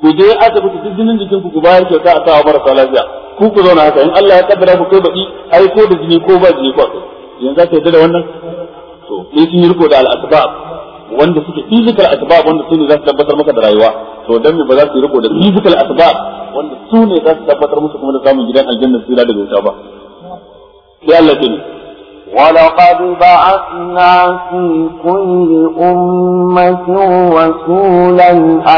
ku je asibiti duk jinin jikin ku bayar kyauta a sawa marasa lafiya ku ku zauna haka in Allah ya kaddara ku kai baki ai ko da jini ko ba jini ko akai yanzu ka yadda da wannan to sai sun yi riko da al'asbab wanda suke physical asbab wanda su ne za su tabbatar maka da rayuwa to dan me ba za su yi riko da physical asbab wanda su ne za su tabbatar musu kuma da samun gidan aljanna su da daga wuta ba sai Allah ya ولقد بعثنا في كل أمة رسولا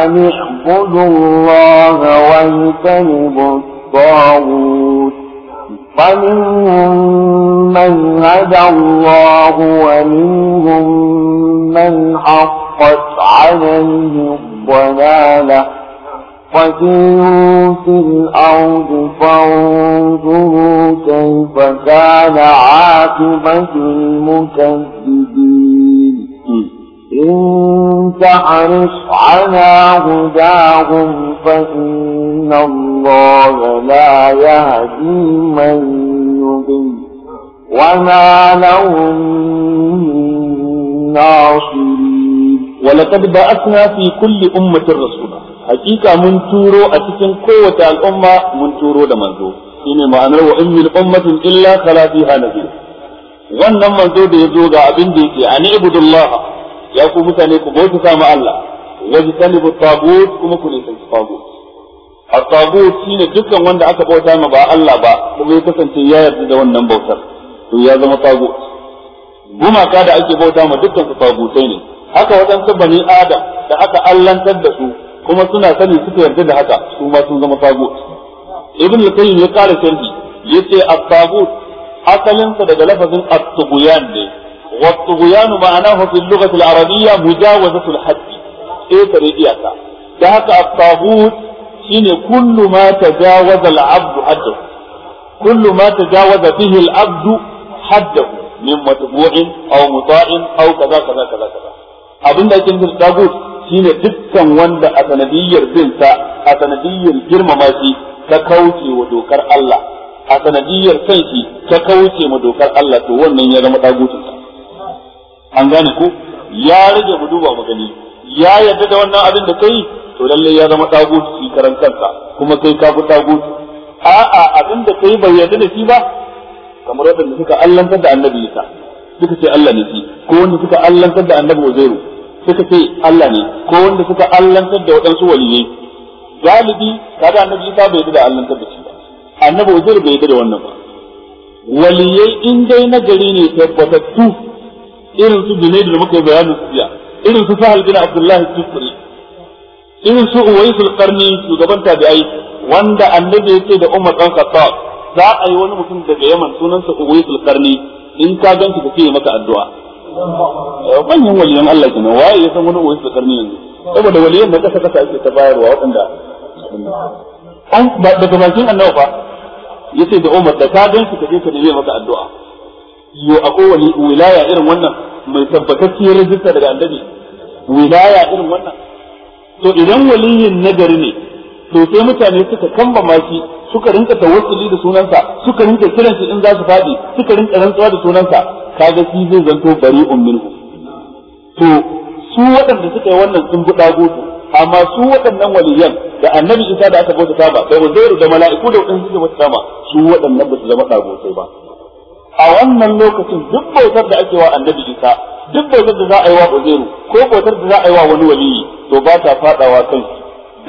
أن اعبدوا الله واجتنبوا الطاغوت فمنهم من هدى الله ومنهم من حقت عليه الضلاله وسيروا في الأرض فانظروا كيف كان عاقبة المكذبين إن تحرص على هداهم فإن الله لا يهدي من يضل وما لهم من ناصرين ولقد بعثنا في كل أمة رسولا hakika mun turo a cikin kowace al'umma mun turo da manzo shine ma'anar wa ummi min ummatin illa khala fiha nabi wannan manzo da yazo ga abin da yake ani ibudullah ya ku mutane ku bauta sama Allah waji talibu tabut kuma ku ne tagut A tagut shine dukkan wanda aka bauta ma ba Allah ba kuma ya kasance ya yarda da wannan bautar to ya zama tagut gumaka da ake bauta ma dukkan su tagutai ne haka wadansu bani adam da aka allantar da su kuma suna sani suka yarda da haka su ma sun zama tagut ibn al-qayyim ya kara sharhi yace at-tagut asalin sa daga lafazin at-tughyan ne wa at-tughyan ma'anahu fi al-lughah al-arabiyya mujawazatu al-hadd eh tare iyaka da haka at-tagut shine kullu ma tajawaza al-abd hadda kullu ma tajawaza fihi al-abd haddahu min matbu'in aw muta'in aw kaza kaza kaza kaza abinda ake nufin tagut shine dukkan wanda a sanadiyyar bin sa a sanadiyyar girmama shi ta kauce wa dokar Allah a sanadiyyar kanki ta kauce ma dokar Allah to wannan ya zama dagutun sa an gane ku? ya rage mu duba mu gani ya yarda da wannan abin da kai to lalle ya zama dagutu shi karan kanka kuma kai ka fi a a'a abin da kai bai yarda da shi ba kamar wadanda suka allantar da annabi Isa duka ce Allah ne shi ko wanda suka allantar da annabi Uzairu suka ce Allah ne ko wanda suka allantar da waɗansu waliyai galibi kaga annabi Isa bai da allantar da shi ba annabi Uzair bai da wannan ba waliyai in dai na gari ne tabbatattu irin su Junaidu da muka yi bayanin su jiya irin su Sahal bin Abdullah Tufri irin su Uwaisul Qarni shugaban tabi'ai wanda annabi ya da Umar dan Khattab za a yi wani mutum daga Yaman sunansa Uwaisul Qarni in ka ganta ka ce maka addu'a manyan wajen Allah nan, waye ya san wani wajen da karni yanzu saboda waliyan da kasa kasa ake ta bayarwa waɗanda an ba daga bakin annabi ya ce da Umar da ka ganki ka kaje ka nemi maka addu'a yo akwai wani wilaya irin wannan mai tabbatacciyar rijista daga annabi wilaya irin wannan to idan waliyin nagari ne to sai mutane suka kamba maki suka rinka tawassuli da sunansa suka rinka kiran shi in za su faɗi suka rinka rantsuwa da sunansa kaga shi zai zanto bari minhu to su waɗanda suka yi wannan sun buɗa goto, amma su waɗannan waliyan da annabi isa da aka bauta ba da uzairu da mala'iku da waɗanda suka bauta ba su waɗannan ba su zama dagutai ba a wannan lokacin duk bautar da ake wa annabi isa duk bautar da za a yi wa uzairu ko bautar da za a yi wa wani waliyi to ba ta faɗawa kan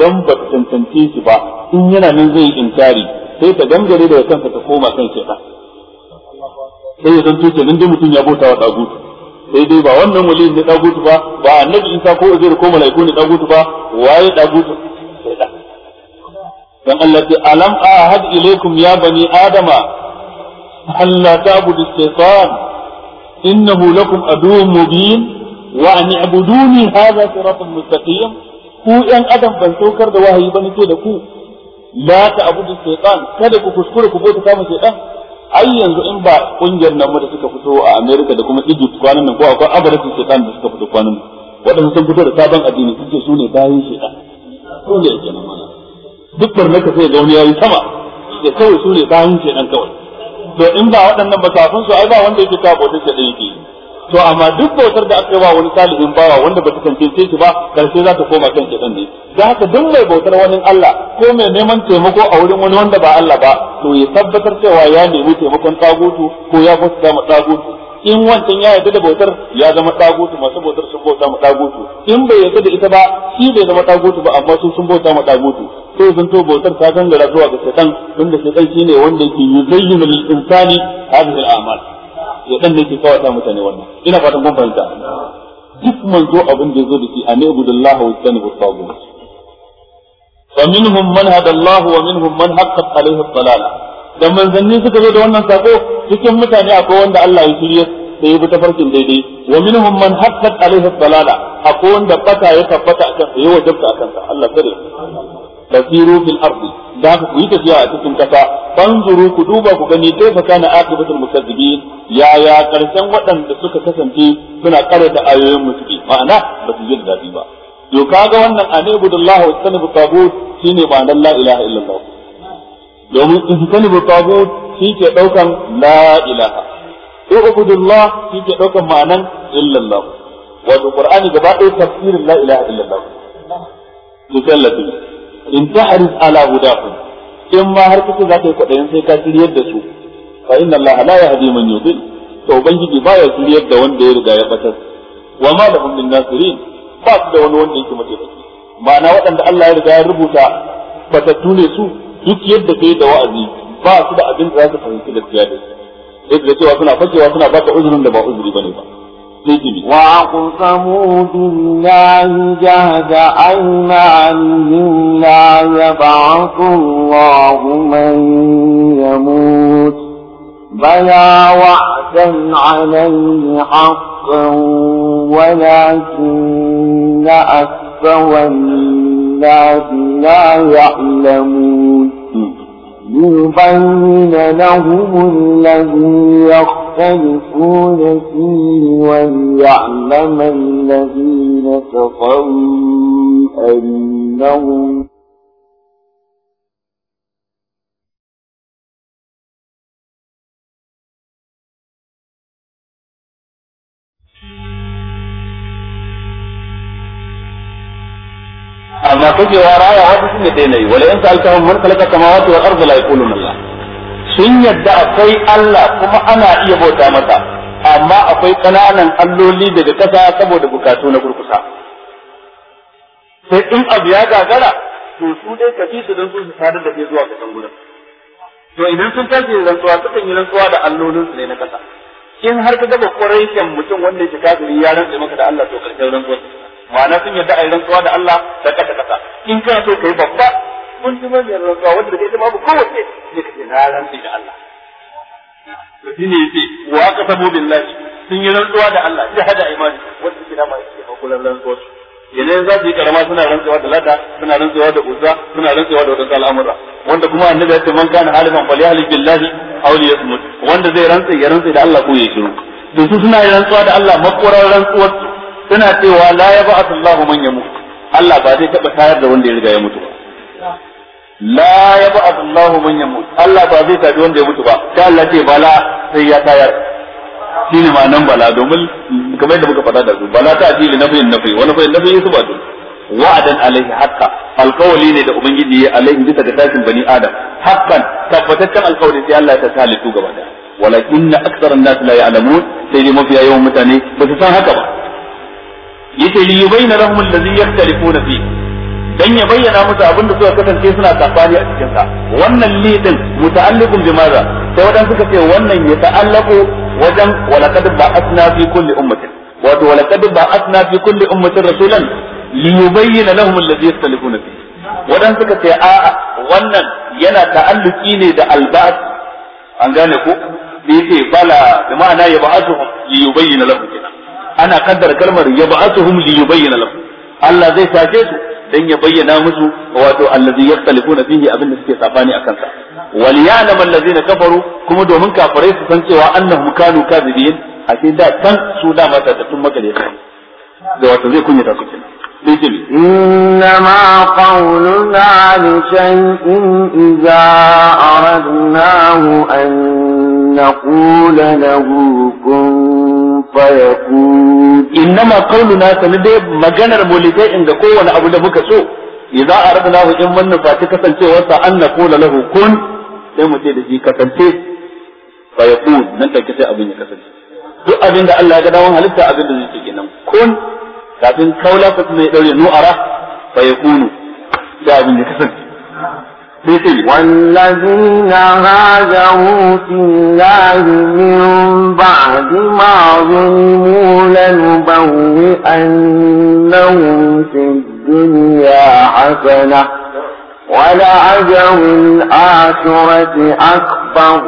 don ba ta tantance shi ba in yana nan zai yi inkari sai ta gangare da kansa ta koma kan shi sai ya zanto nan dai mutum ya bauta wa dagutu sai dai ba wannan waliyin ne dagutu ba ba annabi isa ko uzair ko malaiku ne dagutu ba waye dagutu dan Allah ce alam ahad ilaikum ya bani adama alla ta'budu shaytan innahu lakum aduwwun mubin wa an i'buduni hadha siratun mustaqim ku yan adam ban saukar da wahayi bane ce da ku la ta'budu shaytan kada ku kuskure ku bauta kama shaytan ai yanzu in ba kungiyar nan da suka fito a America da kuma Egypt kwanan nan ko akwai abaratin shaitan da suka fito kwanan nan waɗanda sun fito da sabon addini suke su ne bayan shaitan su ne yake nan mana duk barnaka sai ga wani yayi sama Ya kawai su ne bayan shaitan kawai to in ba waɗannan ba kafin su ai ba wanda yake kawo ta shaitan yake yi to amma duk bautar da aka yi wa wani talibin bawa wanda ba ta cancance shi ba karshe za ta koma kan ke ne da haka duk mai bautar wani Allah ko mai neman taimako a wurin wani wanda ba Allah ba to ya tabbatar cewa ya nemi taimakon tagutu ko ya fuska ma tagutu in wancan ya yarda da bautar ya zama tagutu masu bautar sun bauta ma tagutu in bai yarda da ita ba shi bai zama tagutu ba amma su sun bauta ma tagutu to zan to bautar ta gangara zuwa ga shaitan tunda shaitan shine wanda yake yuzayyinu lil insani hadhihi al a'mal shedan ne ke kawata mutane wannan ina fatan kun fahimta duk manzo abin da zo da shi an ibudullahi wa tanibu tagut fa minhum man hada Allah wa minhum man haqqat alaihi dalalah da manzanni suka zo da wannan sako cikin mutane akwai wanda Allah ya shirye yi bi tafarkin daidai wa minhum man haqqat alaihi dalalah akwai wanda bata ya tabbata akan sa ya wajabta akan sa Allah kare basiru fil ardi da ku yi tafiya a cikin kasa fanzuru ku duba ku gani kaifa kana aqibatul mukazzibin yaya karshen waɗanda suka kasance suna kare da ayoyin musiki ma'ana ba su jin daɗi ba to kaga wannan dallahu wa sanabu tabut shine ba nan la ilaha illallah domin ijtanibu tabut shi ke daukan la ilaha ubudullah shi ke daukan ma'anan illallah wato qur'ani gaba ɗaya tafsirin la ilaha illallah mutallafi in ta'rif ala hudahum in ma har kake za yi kwaɗayin sai ka shiryar da su فإن الله لا يهدي من يضل فأبنجي ما يسلي يبدأ وان دير دا يبتس وما لهم من ناصرين فاك دا وان وان انت مجد ما أنا وطن دا الله يرجع يربو تا فتتوني سو يك يبدأ في دا وعزي فاك دا أبن راسة فهي كده سيادة إذ لكي وصنا فكي وصنا فاك عذر لبا عذر بني واقسموا بالله جهد أيمانهم لا يبعث الله من يموت بلى وعدا عليه حقا ولكن أكثر الناس لا يعلمون ليبين لهم الذي يختلفون فيه وليعلم الذين كفروا أنهم amma wa raya wata sun da yanayi wala in sa'altahum man khalaqa samawati wal ardi la yaquluna Allah sun yadda akwai Allah kuma ana iya bauta masa amma akwai kananan alloli daga kasa saboda bukatu na kurkusa sai in abu ya gagara to su dai kafi su dan su sadar da ke zuwa kasan gurin to idan sun tashi da rantsuwa sukan yi rantsuwa da su ne na kasa in har ka gaba kwarai mutum wanda yake kafiri ya rantsa maka da Allah to karshen rantsuwa ma'ana sun yarda a yi rantsuwa da Allah da kasa kasa in kana so kai babba mun ji mai rantsuwa wanda bai zama ba kowace ne kace na rantsi da Allah to shine yace wa aqsamu billahi sun yi rantsuwa da Allah sai hada imani wanda suke da ba yake hakulan rantsuwa yanzu za su yi karama suna rantsuwa da lada suna rantsuwa da uzza suna rantsuwa da wadansu al'amura wanda kuma annabi ya ce man kana halifan falyahli billahi aw liyasmut wanda zai rantsa ya rantsa da Allah ko ya shiru da su suna rantsuwa da Allah makoran rantsuwar su suna cewa la yab'athu Allahu man yamut Allah ba zai taɓa tayar da wanda ya riga ya mutu ba la yab'athu Allahu man yamut Allah ba zai tayar da wanda ya mutu ba sai Allah ce bala sai ya tayar shine ma nan bala domin kamar yadda muka faɗa da su bala ta ajili nafiyin nafi wani fa nafi su ba dole wa'adan alaihi haqqa alqawli ne da ubangiji ya alaihi bisa ga tashin bani adam haqqan tabbataccen alqawli sai Allah ya ta halittu gaba da walakinna aktharan nas la ya'lamun sai dai mafiya yawan mutane ba su san haka ba yace li yubayna lahum allazi yakhtalifuna fi dan ya bayyana musu abin da suka kasance suna safari a cikin sa wannan li din muta'alliqun bi maza sai wadan suka ce wannan ya ta'allaku wajen walaqad ba'athna fi kulli ummatin wato walaqad ba'athna fi kulli ummatin rasulan li yubayyana lahum allazi yakhtalifuna fi wadan suka ce a'a wannan yana ta'alluki ne da alba'at an gane ko da yake bala da ma'ana ya ba'athu li yubayyana lahum ana kaddara kalmar yab'atuhum li yubayyana lahum Allah zai tace su dan ya bayyana musu wato allazi yaktalifuna fihi abinda suke sabani akan sa wal ya'lam allazina kafaru kuma domin kafirai su san cewa annahum kanu kadhibin cikin da san su da mata da tun makale da wato zai kunyata su kenan إنما قولنا لشيء إذا أردناه أن نقول له كن فيكون إنما قولنا سندي مجانا مولدي إن دقوة أبو لبك سوء إذا أردناه إن من فاتك سنتي وسا أن نقول له كن سيمو تيدي كسنتي فيقول ننتا كسي أبين كسنتي duk abin da Allah ya ga dawon halitta abin da zai kenan kun kafin kaula fa mai daure nu ara fa yakunu da abin da والذين هاجروا في الله من بعد ما ظلموا لنبوئنهم في الدنيا حسنة ولأجر الآخرة أكبر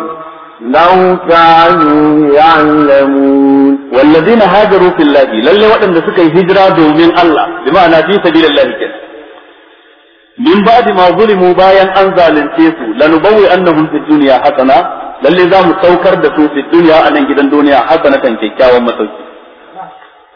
لو كانوا يعلمون والذين هاجروا في الله للي وقت تسكي هجرة دومين الله بمعنى في سبيل الله كده min ba'di ma zulimu bayan an zalunce su lanubawi annahum fi dunya hasana lalle za mu saukar da su fi dunya a nan gidan duniya kan kyakkyawan masauki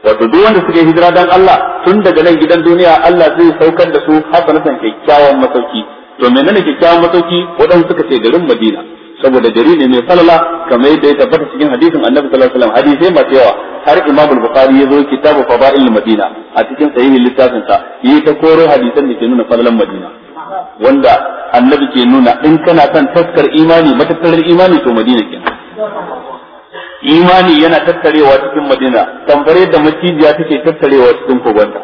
wato duk wanda suke hijira dan Allah tun daga nan gidan duniya Allah zai saukar da su hasana kan kyakkyawan masauki to menene kyakkyawan masauki waɗanda suka ce garin Madina saboda dalili mai falala kamar yadda ya tabbata cikin hadisin annabi sallallahu alaihi wasallam hadisai masu yawa har imam al-bukhari ya zo kitabu fadail madina a cikin sahihin littafin sa yayi ta koro hadisan da ke nuna falalan madina wanda annabi ke nuna in kana son taskar imani matattarar imani to madina ke imani yana tattarewa cikin madina tambare da macijiya take tattarewa cikin kogonta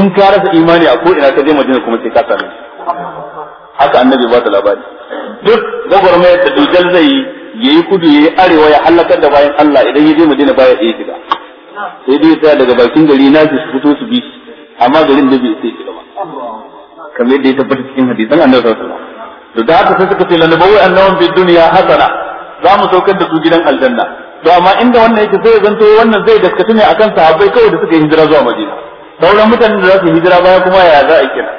in ka rasa imani a ko ina ka je madina kuma sai ka same haka annabi ba ta labari duk gwagwarmayar da dujal zai yi ya yi kudu ya yi arewa ya halakar da bayan Allah idan ya je madina baya ɗaya shiga sai dai ta daga bakin gari na su fito su bi amma garin da bai sai shiga ba kamar yadda ya tabbata cikin hadisan annabi sallallahu alaihi wasallam to da haka sai suka ce lanabawi annawan bid dunya hasana za mu saukar da su gidan aljanna to amma inda wannan yake sai zanto wannan zai daskata ne akan sahabbai kawai da suka yi hijira zuwa madina sauran mutanen da za su hijira baya kuma ya za a kira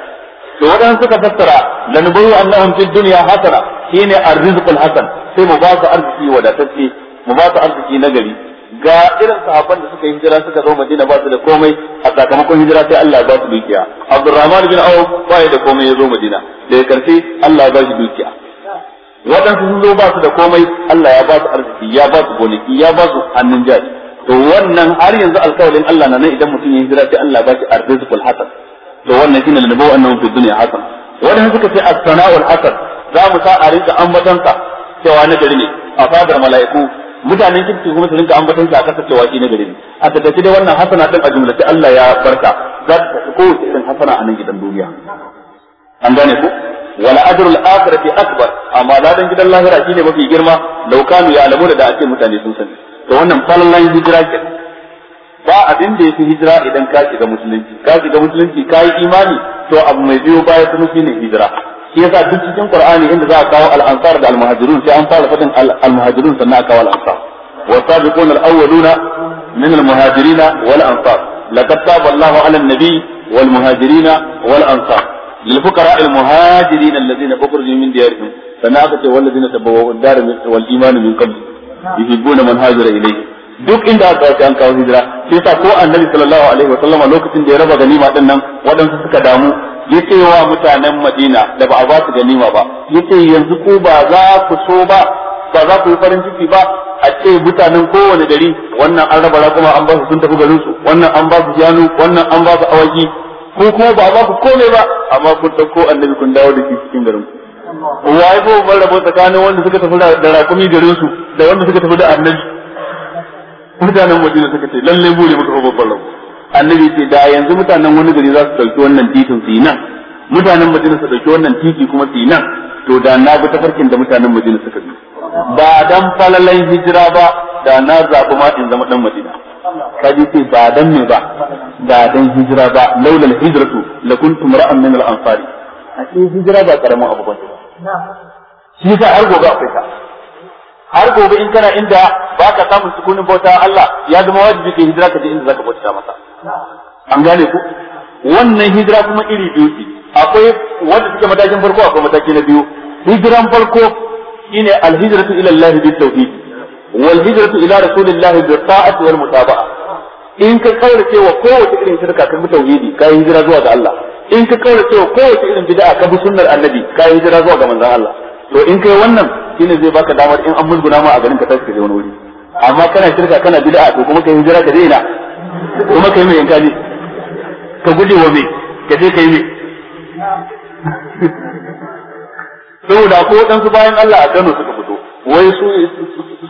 to wadan suka fassara lanbaru annahum fid dunya hasana shine arrizqul hasan sai mu ba su arziki wadatacce mu ba su arziki nagari ga irin sahabban da suka yi hijira suka zo Madina ba su da komai a sakamakon hijira sai Allah ba su dukiya Abdurrahman bin Auf ba ya da komai ya zo Madina daga karshe Allah ba shi dukiya waɗansu sun zo ba su da komai Allah ya ba su arziki ya ba su gonaki ya ba su hannun jari to wannan har yanzu alƙawarin Allah na nan idan mutum ya hijira sai Allah ya ba shi arzikul hasan to wannan shine lanabu annahum fid dunya hasan wannan suka ce as-sana'ul hasan za mu sa a rinka ambatanka cewa na gari ne a fadar mala'iku mutanen kirki kuma su rinka ambatanka a kasa cewa shi na gari ne a takaice dai wannan hasana din a jumlace Allah ya barka za ta tafi kowace irin hasana a nan gidan duniya an gane ku wal ajrul akhirati akbar amma ladan gidan lahira shine mafi girma law kanu lamu da ake mutane sun sani to wannan falalan hijira kenan ba abin da yake hijira idan ka shiga musulunci ka shiga musulunci ka yi imani to abu mai biyo baya kuma ne hijira shi yasa duk cikin qur'ani inda za a kawo al-ansar da al-muhajirun sai an fara fadin al-muhajirun sannan a kawo al-ansar والسابقون الأولون من المهاجرين والأنصار لقد تاب الله على النبي والمهاجرين والأنصار للفقراء المهاجرين sannan أخرجوا من ديارهم فناقة والذين تبوأوا wal والإيمان من قبل يحبون man هاجر إليهم duk inda aka kawo an kawo hijira shi yasa ko annabi sallallahu alaihi wasallama lokacin da ya raba ganima din nan waɗansu suka damu yace wa mutanen Madina da ba a ba su ganima ba yace yanzu ko ba za ku so ba ba za ku yi farin ciki ba a ce mutanen kowane gari wannan an raba kuma an ba su sun tafi garin su wannan an ba su janu wannan an ba su awaki ko kuma ba za ku komai ba amma kun dauko annabi kun dawo da shi cikin garin ku waye ko ban rabo tsakanin wanda suka tafi da rakumi garin su da wanda suka tafi da annabi mutanen madina suka ce lalle mu ne ko babban rabo annabi ce da yanzu mutanen wani gari za su dauki wannan titin su yi nan mutanen madina su dauki wannan titi kuma su yi nan to da na bi tafarkin da mutanen madina suka bi ba dan falalan hijira ba da na zaɓi ma in zama dan madina kaji ce ba dan me ba ba dan hijira ba al hijratu lakuntum ra'an min al ansari a hijira ba karamin abu ba shi yasa har gobe akwai ta har gobe in kana inda ba ka samun sukunin bauta Allah ya zama wajibi ka hijira ka je inda zaka bauta masa an gane ku wannan hijira kuma iri biyu ce akwai wanda suke matakin farko akwai mataki na biyu hijiran farko shine alhijratu ila Allah bi tauhid wal hijratu ila rasulillah bi ta'ati wal mutaba'a in ka kaurace wa kowace irin shirka ka bi tauhidi ka hijira zuwa ga Allah in ka kaurace wa kowace irin bid'a ka bi sunnar annabi ka hijira zuwa ga manzon Allah to in kai wannan shine zai baka damar in an mulguna ma a garin ka ta ka je wani wuri amma kana shirka kana bid'a to kuma kai hijira ka daina kuma kai mai yanka ne ka guje wa me ka je kai me saboda ko waɗansu bayan Allah a Kano suka fito wai su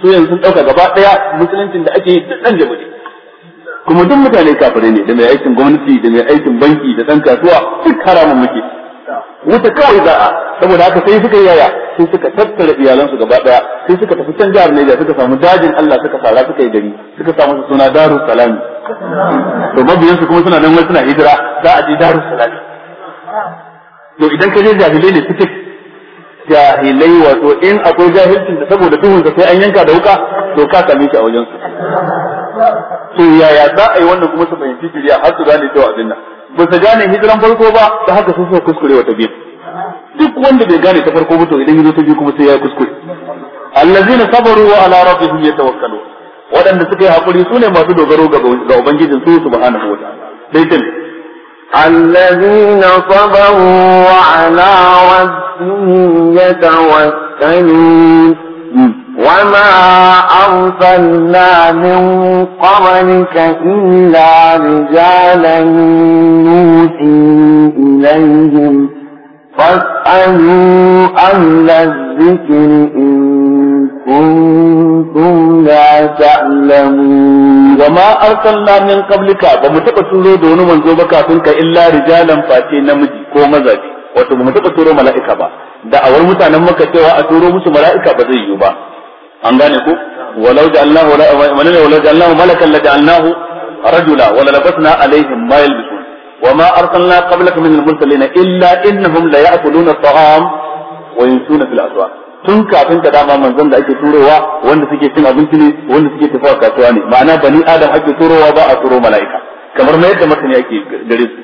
su yanzu ɗauka gaba ɗaya musuluncin da ake yi duk ɗan jami'i kuma duk mutane kafare ne da mai aikin gwamnati da mai aikin banki da ɗan kasuwa duk haramun muke wuta kawai za a saboda haka sai suka yaya sai suka tattara iyalansu gaba daya sai suka tafi can jihar Najeriya suka samu dajin Allah suka fara suka yi gari suka samu suna Darus Salam to su kuma suna nan wai suna hijira za a je Darus Salam to idan ka je jahilai ne suke jahilai wato in akwai jahilcin da saboda duhun sai an yanka da wuka to ka same shi a wajen su to yaya za a yi wannan kuma su fahimci shirya har su gane cewa abin nan ba su gane hijiran farko ba da haka sun suka kuskure wata biyu duk wanda bai gane ta farko ba to idan yazo ta biyu kuma sai ya kuskure allazina sabaru wa ala rabbihim yatawakkalun waɗanda suka yi hakuri sune masu dogaro ga ubangijin su subhanahu wa ta'ala dai الذين صبروا وعلى ربهم يتوكلون وما أرسلنا من قبلك إلا رجالا نوحي إليهم فاسألوا أهل الذكر إن kuntum la ta'lamun wa ma arsalna min qablika ba mu taba turo da wani manzo ba kafin ka illa rijalan face namiji ko mazaji wato ba mu taba turo mala'ika ba da awar mutanen maka cewa a turo musu mala'ika ba zai yiwu ba an gane ku walau ja'alnahu walau ja'alnahu malakan la ja'alnahu rajula wa labasna alaihim ma yalbisun wa ma arsalna qablaka min al-mursalin illa innahum la ya'kuluna at-ta'am wa yamshuna fil aswaq tun kafin ka dama manzon da ake turowa wanda suke cin abinci ne wanda suke tafiya kasuwa ne ma'ana bani adam ake turowa ba a turo mala'ika kamar ma yadda masani ake gare su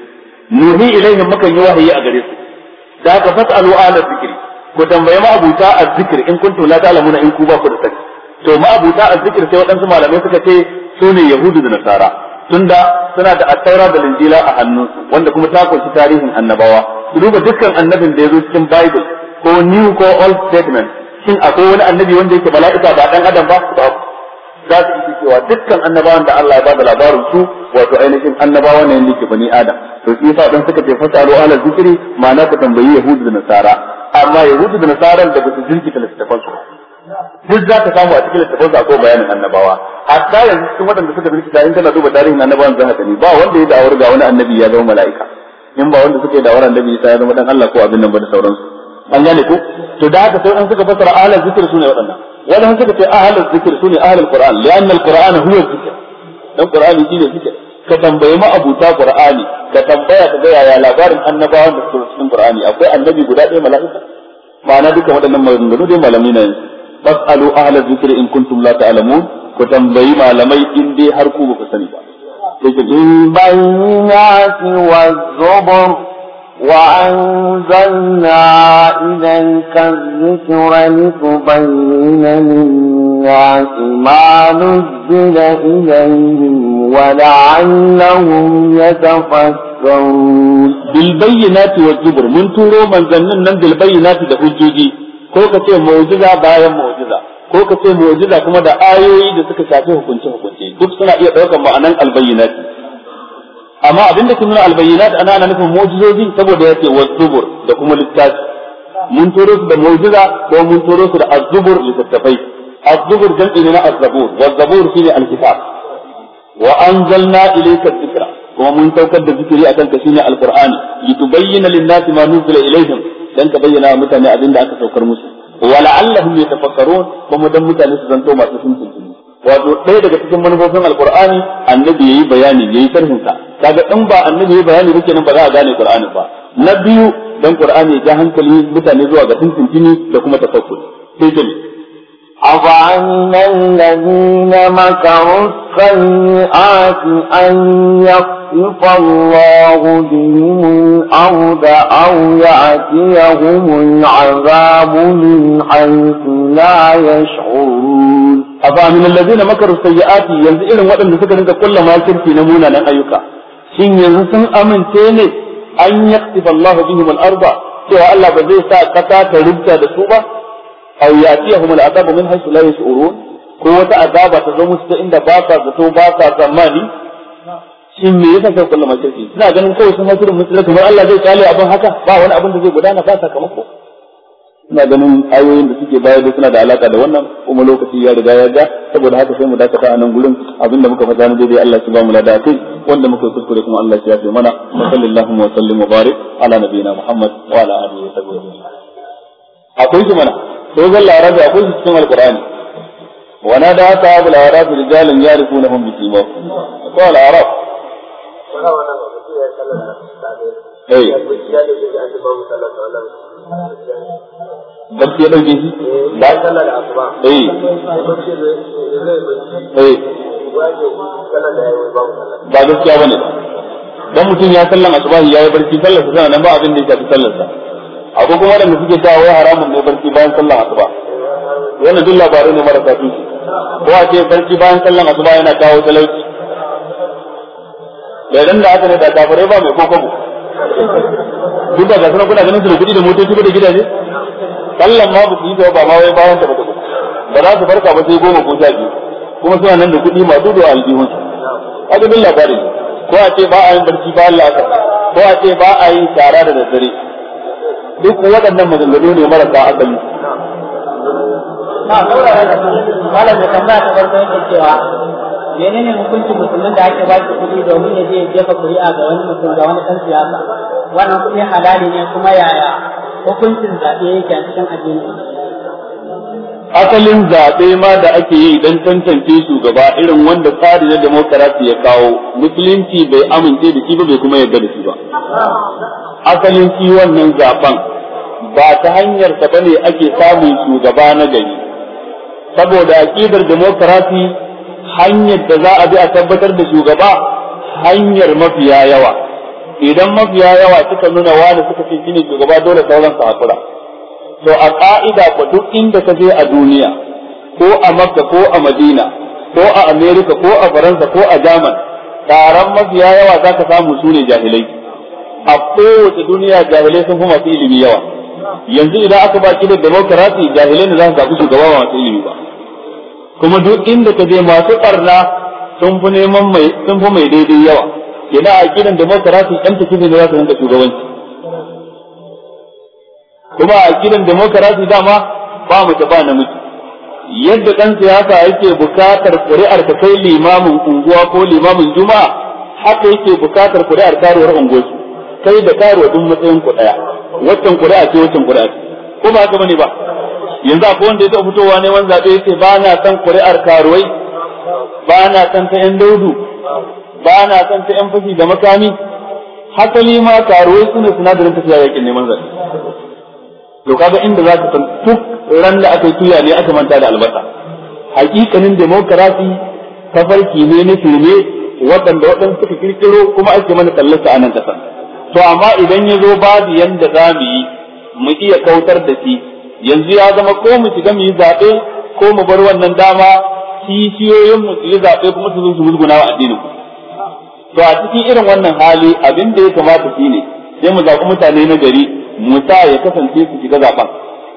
nuhi ilaihim mukan yi wahayi a gare su da haka fasalu ala zikri ku tambaye ma abuta azzikr in kuntum la ta'lamuna in ku ba ku da sani to ma abuta azzikr sai waɗansu malamai suka ce su ne yahudu da nasara tunda suna da attaura da linjila a hannunsu wanda kuma ta kunshi tarihin annabawa su duba dukkan annabin da ya zo cikin bible ko new ko old statement shin akwai wani annabi wanda yake mala'ika ba dan adam ba ba za su yi cewa dukkan annabawan da Allah ya bada labarin su wato ainihin annabawa ne yake bani adam to shi fa dan suka ce fasalu ala zikri ma'ana ka tambayi yahudu da nasara amma yahudu da nasara da basu da littafan su duk za ka samu a cikin littafan su ko bayanin annabawa hatta yanzu cikin waɗanda suka bi da in kana duba tarihin annabawan za ka ba wanda ya da'awar ga wani annabi ya zama mala'ika in ba wanda suke da'awar annabi ya zama dan Allah ko abin nan ba da sauransu an gane ko to da haka sai an suka fasara ahlul zikr sune waɗannan wadannan suka ce ahlul zikr sune ahlul qur'an lianna alquran huwa zikr dan qur'ani shine zikr ka tambaye ma abuta qur'ani ka tambaya ka ga yaya labarin annabawan da suke cikin qur'ani akwai annabi guda ɗaya mala'ika ma'ana duka waɗannan maganganu dai malami na yanzu fasalu ahlul zikr in kuntum la ta'lamun ku tambayi malamai in dai har ku ba ku sani ba. Take in bayyana wa zubar وأنزلنا إليك الذكر لتبين للناس ما نزل إليهم ولعلهم يتفكرون بالبينات والزبر من تورو من ظنن من بالبينات ده حجوجي ko ka ce mu'jiza bayan mu'jiza ko ka ce mu'jiza kuma da ayoyi da suka shafi hukunce hukunce duk suna iya ɗaukar ma'anan albayyinati amma abinda kun nuna albayyinat ana ana nufin mu'jizozi saboda yake wasubur da kuma littafi mun turo su da mu'jiza ko mun turo su da azzubur littattafai azzubur jam'i ne na azzabur wazzabur shine alkitab wa anzalna ilayka dhikra kuma mun saukar da zikiri akan ka shine alqur'ani litubayyana lin-nasi ma nuzila ilayhim dan ka bayyana wa mutane abinda aka saukar musu wa la'allahum yatafakkarun kuma dan mutane su zanto masu tuntunci wato ɗaya daga cikin manufofin alqur'ani annabi yayi bayani yayi sharhin sa kaga in ba annabi yayi bayani ba kenan ba za a gane qur'ani ba na biyu dan qur'ani ya ja hankali mutane zuwa ga tuntun jini da kuma tafakkur sai jami'a أفعمنا الذين مكروا السيئات أن يخطف الله بهم الأرض أو يأتيهم العذاب من حيث لا يشعرون afa na allazina makaru sayyiati yanzu irin waɗanda suka rinka kulla makirci na munanan ayyuka shin yanzu sun amince ne an yaktiba Allahu bihim al-arda cewa Allah ba zai sa kasa ta rubuta da su ba aw yatiyahum a adabu min haythu la yash'urun ko wata azaba ta zo inda zato shin me yasa kai kulla makirci Ina ganin kawai sun hakirin musulunci kamar Allah zai kyale abin haka ba wani abin da zai gudana ba sakamako suna ganin ayoyin da suke bayar da suna da alaka da wannan kuma lokaci ya riga ya ga saboda haka sai mu dakata a nan gurin abinda muka faɗa na daidai Allah ya ba mu lada kai wanda muka kuskure kuma Allah ya yafe mana sallallahu wa sallim wa barik ala nabiyina Muhammad wa ala alihi wa sahbihi akwai shi mana dogon larabi akwai shi cikin alqur'ani wa nada ashabul araf rijalun ya'rifunahum bi simahum qala alaihi wa sallam barci ya dauke shi da sallah da asuba eh eh ba gaskiya bane dan mutum ya sallan asuba ya yi barci sallar sa sanan ba abin da ya shafi sallar sa akwai kuma wanda suke cewa wai haramun ne barci bayan sallan asuba wannan duk labarai ne marasa tushe ko a ce barci bayan sallan asuba yana kawo talauci da idan da aka ne da kafirai ba mai kokobo duk da gasar kuna ganin su da kuɗi da motoci ba da gidaje kallan ma ba su yi ta ba ma wai bayan ta ba ba za su farka ba sai goma ko sha biyu kuma suna nan da kuɗi masu da aljihun su kaga bin labarin ko a ce ba a yin barci ba Allah ka ko a ce ba a yin shara da daddare duk waɗannan maganganu ne marasa asali malam ta menene hukuncin musulmin da ake ba shi kuɗi domin ya je jefa kuri'a ga wani mutum ga wani ɗan siyasa wannan kuɗi halali ne kuma yaya hukuncin zaɓe yake a cikin addini asalin zaɓe ma da ake yi don tantance shugaba irin wanda tsari na demokarasi ya kawo musulunci bai amince da shi ba bai kuma yarda da shi ba asalin shi wannan zaben ba ta hanyar ba ne ake samun shugaba na gari saboda aƙidar demokarasi hanyar da za a bi a tabbatar da shugaba hanyar mafiya yawa idan mafiya yawa suka nuna wani suka ce shine shugaba dole sauran su hakura to a ka'ida ko duk inda ka je a duniya ko a makka ko a madina ko a america ko a faransa ko a jaman taron mafiya yawa za ka samu sune ne jahilai a kowace duniya jahilai sun fi masu ilimi yawa yanzu idan aka ba ki da demokarasi jahilai ne za su zaɓi shugaba ba masu ilimi ba kuma duk inda ka je masu ɓarna sun fi neman mai sun fi mai daidai yawa kenan a aqidan demokarasi yan takibi ne za su rinka shugabanci kuma a aqidan demokarasi dama ba mu ba namiji yadda dan siyasa yake bukatar kuri'ar ta kai limamin unguwa ko limamin juma'a haka yake bukatar kuri'ar karuwar unguwa kai da karuwa duk matsayin ku daya waccan kuri'a ce waccan kuri'a ce ko ba haka bane ba yanzu akwai wanda ya taɓa fitowa neman zaɓe ya ce ba na san kuri'ar karuwai ba na san ta 'yan daudu ba na san ta yan fashi da makami hasali ma karuwai suna sinadarin tafiya yakin neman zaɓe to kaga inda za ka san duk ran da aka yi tuya ne aka manta da albasa hakikanin demokarasi ta farki ne na firme waɗanda waɗanda suka kirkiro kuma ake mana kallonsa a nan ƙasa to amma idan ya zo babu yanda za mu yi mu iya kautar da shi yanzu ya zama ko mu shiga mu yi zaɓe ko mu bar wannan dama kishiyoyin mu su zaɓe kuma su zo su musguna wa addinin to a cikin irin wannan hali abin da ya kamata shi ne sai mu zaɓi mutane na gari mu sa ya kasance su shiga zaɓen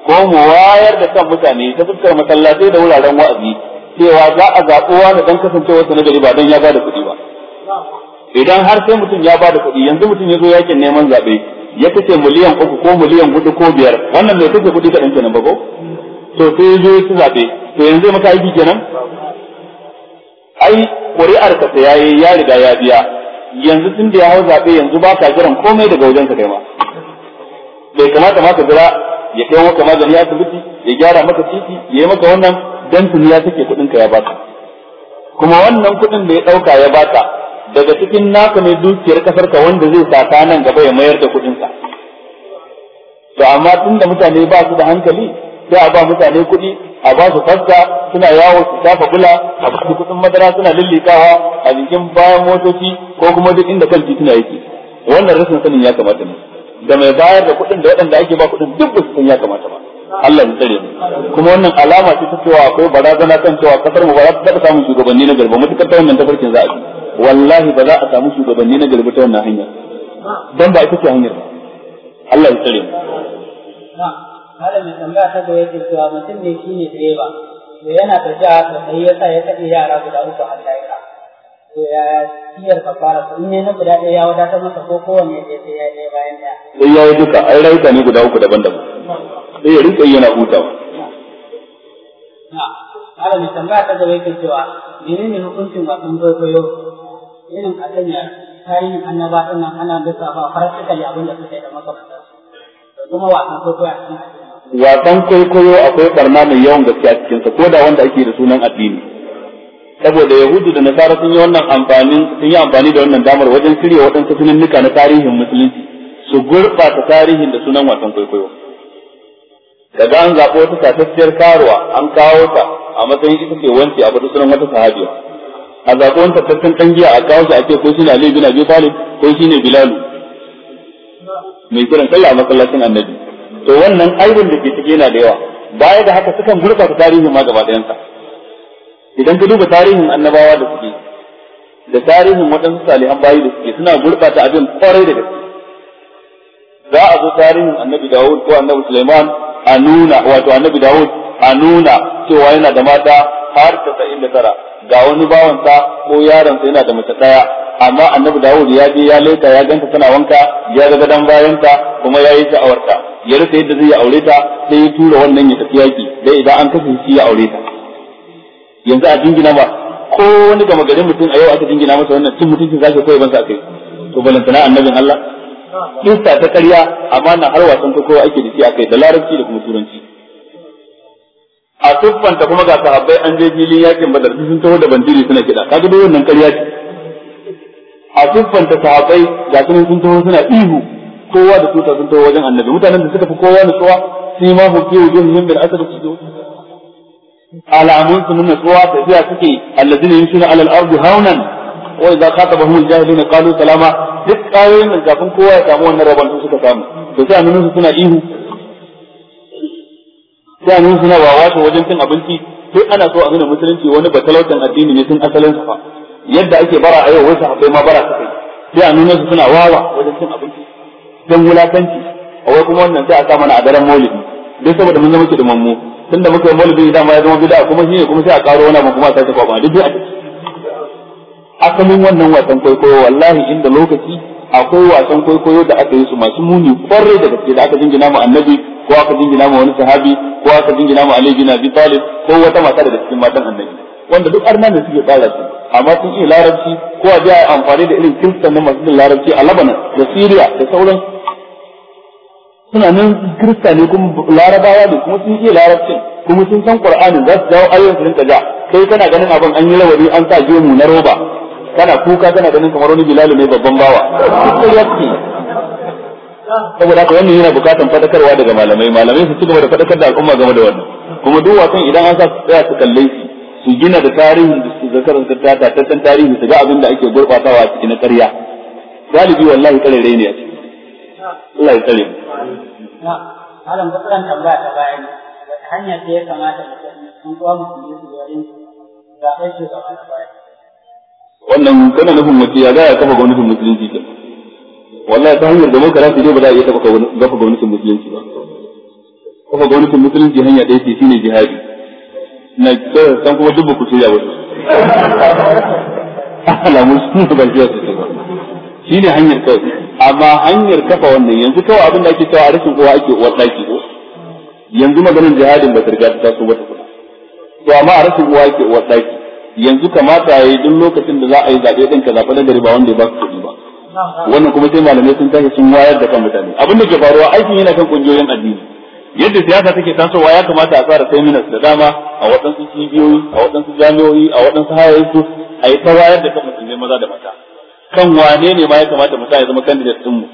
ko mu wayar da kan mutane ta fuskar masallatai da wuraren wa'azi cewa za a zaɓi wani dan wasu na gari ba dan ya ba da kuɗi ba idan har sai mutum ya ba da kuɗi yanzu mutum ya zo yakin neman zaɓe ya kace miliyan uku ko miliyan hudu ko biyar wannan mai kace kuɗi kaɗan kenan ba ko to sai ya zo ya ci zaɓe to yanzu maka aiki kenan ai ƙuri'ar ka ta yayi ya riga ya biya yanzu tun da ya hau zaɓe yanzu ba ka jiran komai daga wajen ka kai ma bai kamata ma ka jira ya kai maka magani asibiti ya gyara maka titi ya yi maka wannan dan tuni ya take kuɗin ka ya baka kuma wannan kuɗin da ya ɗauka ya baka daga cikin naka mai dukiyar kasar ka wanda zai sata nan gaba ya mayar da kuɗinsa to amma tun da mutane ba su da hankali sai a ba mutane kuɗi a ba su fasta suna yawo su shafa bula a ba su kuɗin madara suna lillikawa a jikin bayan motoci ko kuma duk inda kan tituna yake wannan rashin sanin ya kamata ne da mai bayar da kuɗin da waɗanda ake ba kuɗin duk ba su san ya kamata ba Allah ya tsare mu kuma wannan alama ce ta cewa akwai barazana kan cewa kasar mu ba za ta taɓa samun shugabanni na garba mutukar ta wannan tafarkin za a yi wallahi ba za a samu shugabanni na garba ta wannan hanyar dan ba ita ce hanyar ba Allah ya tsare mu malam tambaya ta ga yake cewa mutum ne shi ne direba da yana tafiya sosai ya sa ya kaɗe yara guda uku a laika to ya siyar ka fara ko. ne na guda ɗaya ya wadata masa ko kowanne ya sai ya ɗaya bayan ɗaya. sai ya yi duka ai rayuka ne guda uku daban-daban sai ya rinka yana hutawa. malam mai tambaya ta ga yake cewa menene hukuncin wasan kwaikwayo irin a sanya kayan annaba ɗin nan ana bisa ba farastikali abin da suka yi da masa kuma wasan kwaikwayo a cikin wasan kwaikwayo akwai barna mai yawan gaskiya cikin sa ko da wanda ake da sunan addini saboda yahudu da nasara sun yi wannan amfani sun yi amfani da wannan damar wajen shirya waɗansu sunannuka na tarihin musulunci su gurɓata tarihin da sunan wasan kwaikwayo daga an zaɓo wata satacciyar karuwa an kawo ta a matsayin ita ce wanke a da sunan wata sahabiya a zaɓo wani tattaccen ɗan giya a kawo shi a ce ko shi ne Ali bin Abi Talib ko shi ne Bilal. mai kiran sallah a masallacin annabi to wannan aibin da ke cike yana da yawa baya da haka sukan gurɓata tarihin ma gaba ɗayansa idan ka duba tarihin annabawa da suke da tarihin waɗansu salihan bayi da suke suna gurɓata abin kwarai da gaske za a zo tarihin annabi dawud ko annabi suleiman a nuna wato annabi dawud a nuna cewa yana da mata har tasa'in da tara ga wani bawansa ko yaronsa yana da mace ɗaya amma annabi dawud ya je ya leta ya ganta tana wanka ya ga gadon bayanta kuma ya yi sha'awarta ya rasa yadda zai aure ta sai ya tura wannan ya tafi yaki dai idan an kashe shi ya aure ta yanzu a jingina ba ko wani gama garin mutum a yau aka jingina masa wannan cin mutuncin za ka koyi ban sa kai to balantana annabin Allah kista ta ƙarya amma na har wasan ko kowa ake da shi akai da larabci da kuma turanci a tuffanta kuma ga sahabbai an je filin yakin badar sun taho da bandiri suna kiɗa kaga dai wannan ƙarya ce a tuffanta sahabbai ga sun taho suna ihu kowa da tuta sun tawo wajen annabi mutanen da suka fi kowa nutsuwa sai ma hukke wujuhum bil asr sujud alamun sun nutsuwa tafiya suke alladina yusuna alal ardi haunan wa idza khatabahum al jahiluna qalu salama duk ayoyin nan kafin kowa ya samu wannan rabon suka samu to sai annabin suna ihu sai annabin suna wawato wajen cin abinci sai ana so a nuna musulunci wani batalautan addini ne tun asalin sa fa yadda ake bara a yau wasu haɓai ma bara su kai sai a su suna wawa wajen cin abinci don wulakanci a wai kuma wannan sai a sa mana a daren maulidi duk saboda mun zama da dumammu tunda muka yi maulidi idan ma ya zama bid'a kuma ne kuma sai a karo wani abu kuma a sake kwaba duk ciki asalin wannan wasan kwaikwayo wallahi inda lokaci akwai wasan kwaikwayo da aka yi su masu muni kwarai da gaske da aka jingina mu annabi ko aka jingina mu wani sahabi ko aka jingina mu alayhi na Abi Talib ko wata mata daga cikin matan annabi wanda duk arna da suke tsara su amma sun iya larabci ko a biya amfani da irin kristan na masu larabci a labanan da siriya da sauran suna nan kirista ne kuma larabawa ne kuma sun iya larabcin kuma sun san qur'anin za su jawo ayoyin su rinka ja kai kana ganin abin an yi lawari an sa gemu na roba kana kuka kana ganin kamar wani bilal ne babban bawa saboda haka wannan yana bukatan fadakarwa daga malamai malamai su ci gaba da fadakar da al'umma game da wannan kuma duk wasan idan an sa su tsaya su kalle shi su gina da tarihin da su zakarar ta tattan tarihi su ga abin da ake gurbatawa a cikin ƙarya galibi wallahi karere ne a cikin Allah ya tsare mu malam bakaran tambaya ta bayan wata hanya ce ya kamata mutum kuwa mutum su shi zaɓen shugaban baya wannan kana nufin mutum ya za a kafa gwamnatin musulunci ke wallahi ta hanyar demokarasi dai ba za a iya kafa gwamnatin musulunci ba kafa gwamnatin musulunci hanya ɗaya ce shine jihadi na san kuma duk ku shirya wasu alamun sun ba shi ne hanyar kawai amma hanyar kafa wannan yanzu kawai abin da ake cewa a rashin uwa ake uwar ɗaki ko yanzu maganin jihadin ba ta riga ta taso ba tukuna to amma a rashin uwa ake uwar ɗaki yanzu kamata ya yi duk lokacin da za a yi zaɓe ɗin ka zaɓe ɗari ba wanda ya ba su kuɗi ba wannan kuma sai malamai sun tashi sun wayar da kan mutane abin da ke faruwa aikin yana kan ƙungiyoyin addini yadda siyasa take tasowa ya kamata a tsara seminars da dama a waɗansu cibiyoyi a waɗansu jami'o'i a waɗansu hayayensu a yi ta wayar da kan mutane maza da mata kan wane ne ma ya kamata mu sa ya zama candidate din mu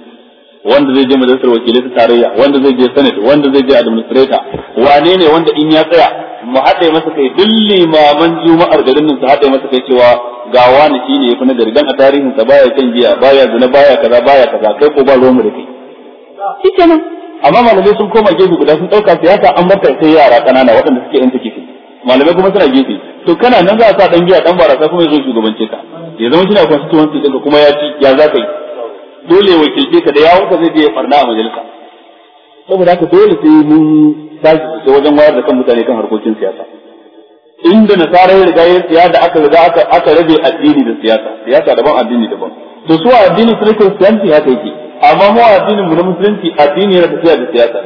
wanda zai je majalisar wakilai ta tarayya wanda zai je senate wanda zai je administrator wane ne wanda in ya tsaya mu haɗe masa kai duk limaman juma'ar garin nan su haɗe masa kai cewa ga wani shi ne ya fi na gargan a tarihin sa baya kan giya baya zina baya kaza baya kaza kai ko ba ruwan mu da kai kenan amma malamai sun koma gefe guda sun ɗauka siyasa an barka sai yara ƙanana waɗanda suke yan take malamai kuma suna gefe to kana nan za a sa ɗan giya dan barasa kuma ya zo shugabance ka ya zama shine constituency din kuma ya ci ya zaka yi dole wakilce ka da yawon ka zai biya farna a majalisa saboda haka dole sai mun tashi sosai wajen wayar da kan mutane kan harkokin siyasa inda nasara ya riga ya siya da aka riga aka rabe addini da siyasa siyasa daban addini daban to su a addinin kristanci haka yake amma mu a addinin mu na musulunci addini yana tafiya da siyasa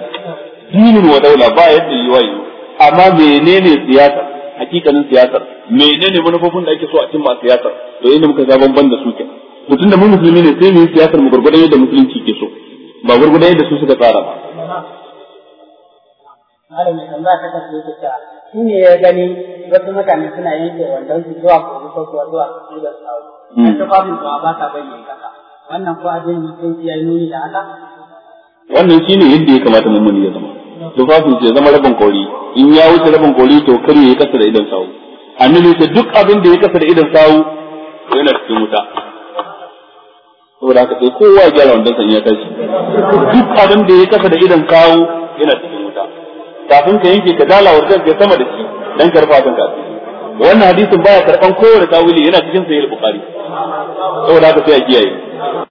dinin wa daula ba yadda yi wayo amma menene siyasa hakikanin siyasar menene manufofin da ake so a cimma siyasar to yadda muka ga banban da su ke mutum da mu musulmi ne sai mu yi siyasar mu gurgurdan yadda musulunci ke so ba gurgurdan yadda su suka tsara ba malami Allah ta kasu yake ta shi ne ya gani wasu mutane suna yanke wandon su zuwa kogi ko kuwa zuwa kogi da tsawo an ta kwafin ba ba ta bayyana kaka wannan ko abin mutunci ya nuni da haka wannan shine yadda ya kamata mun ya zama tufafin ya zama rabin kori in ya wuce rabin kori to kar ya kasa da idan sawu annabi ta duk abin da ya kasa da idan sawu to yana cikin wuta saboda haka sai kowa ya gyara wanda sanya kashi duk abin da ya kasa da idan sawu yana cikin wuta kafin ka yanke ka dala wa kanka sama da shi dan karfa ka wannan hadisin baya karban da tawili yana cikin sahih al-bukhari saboda haka sai a kiyaye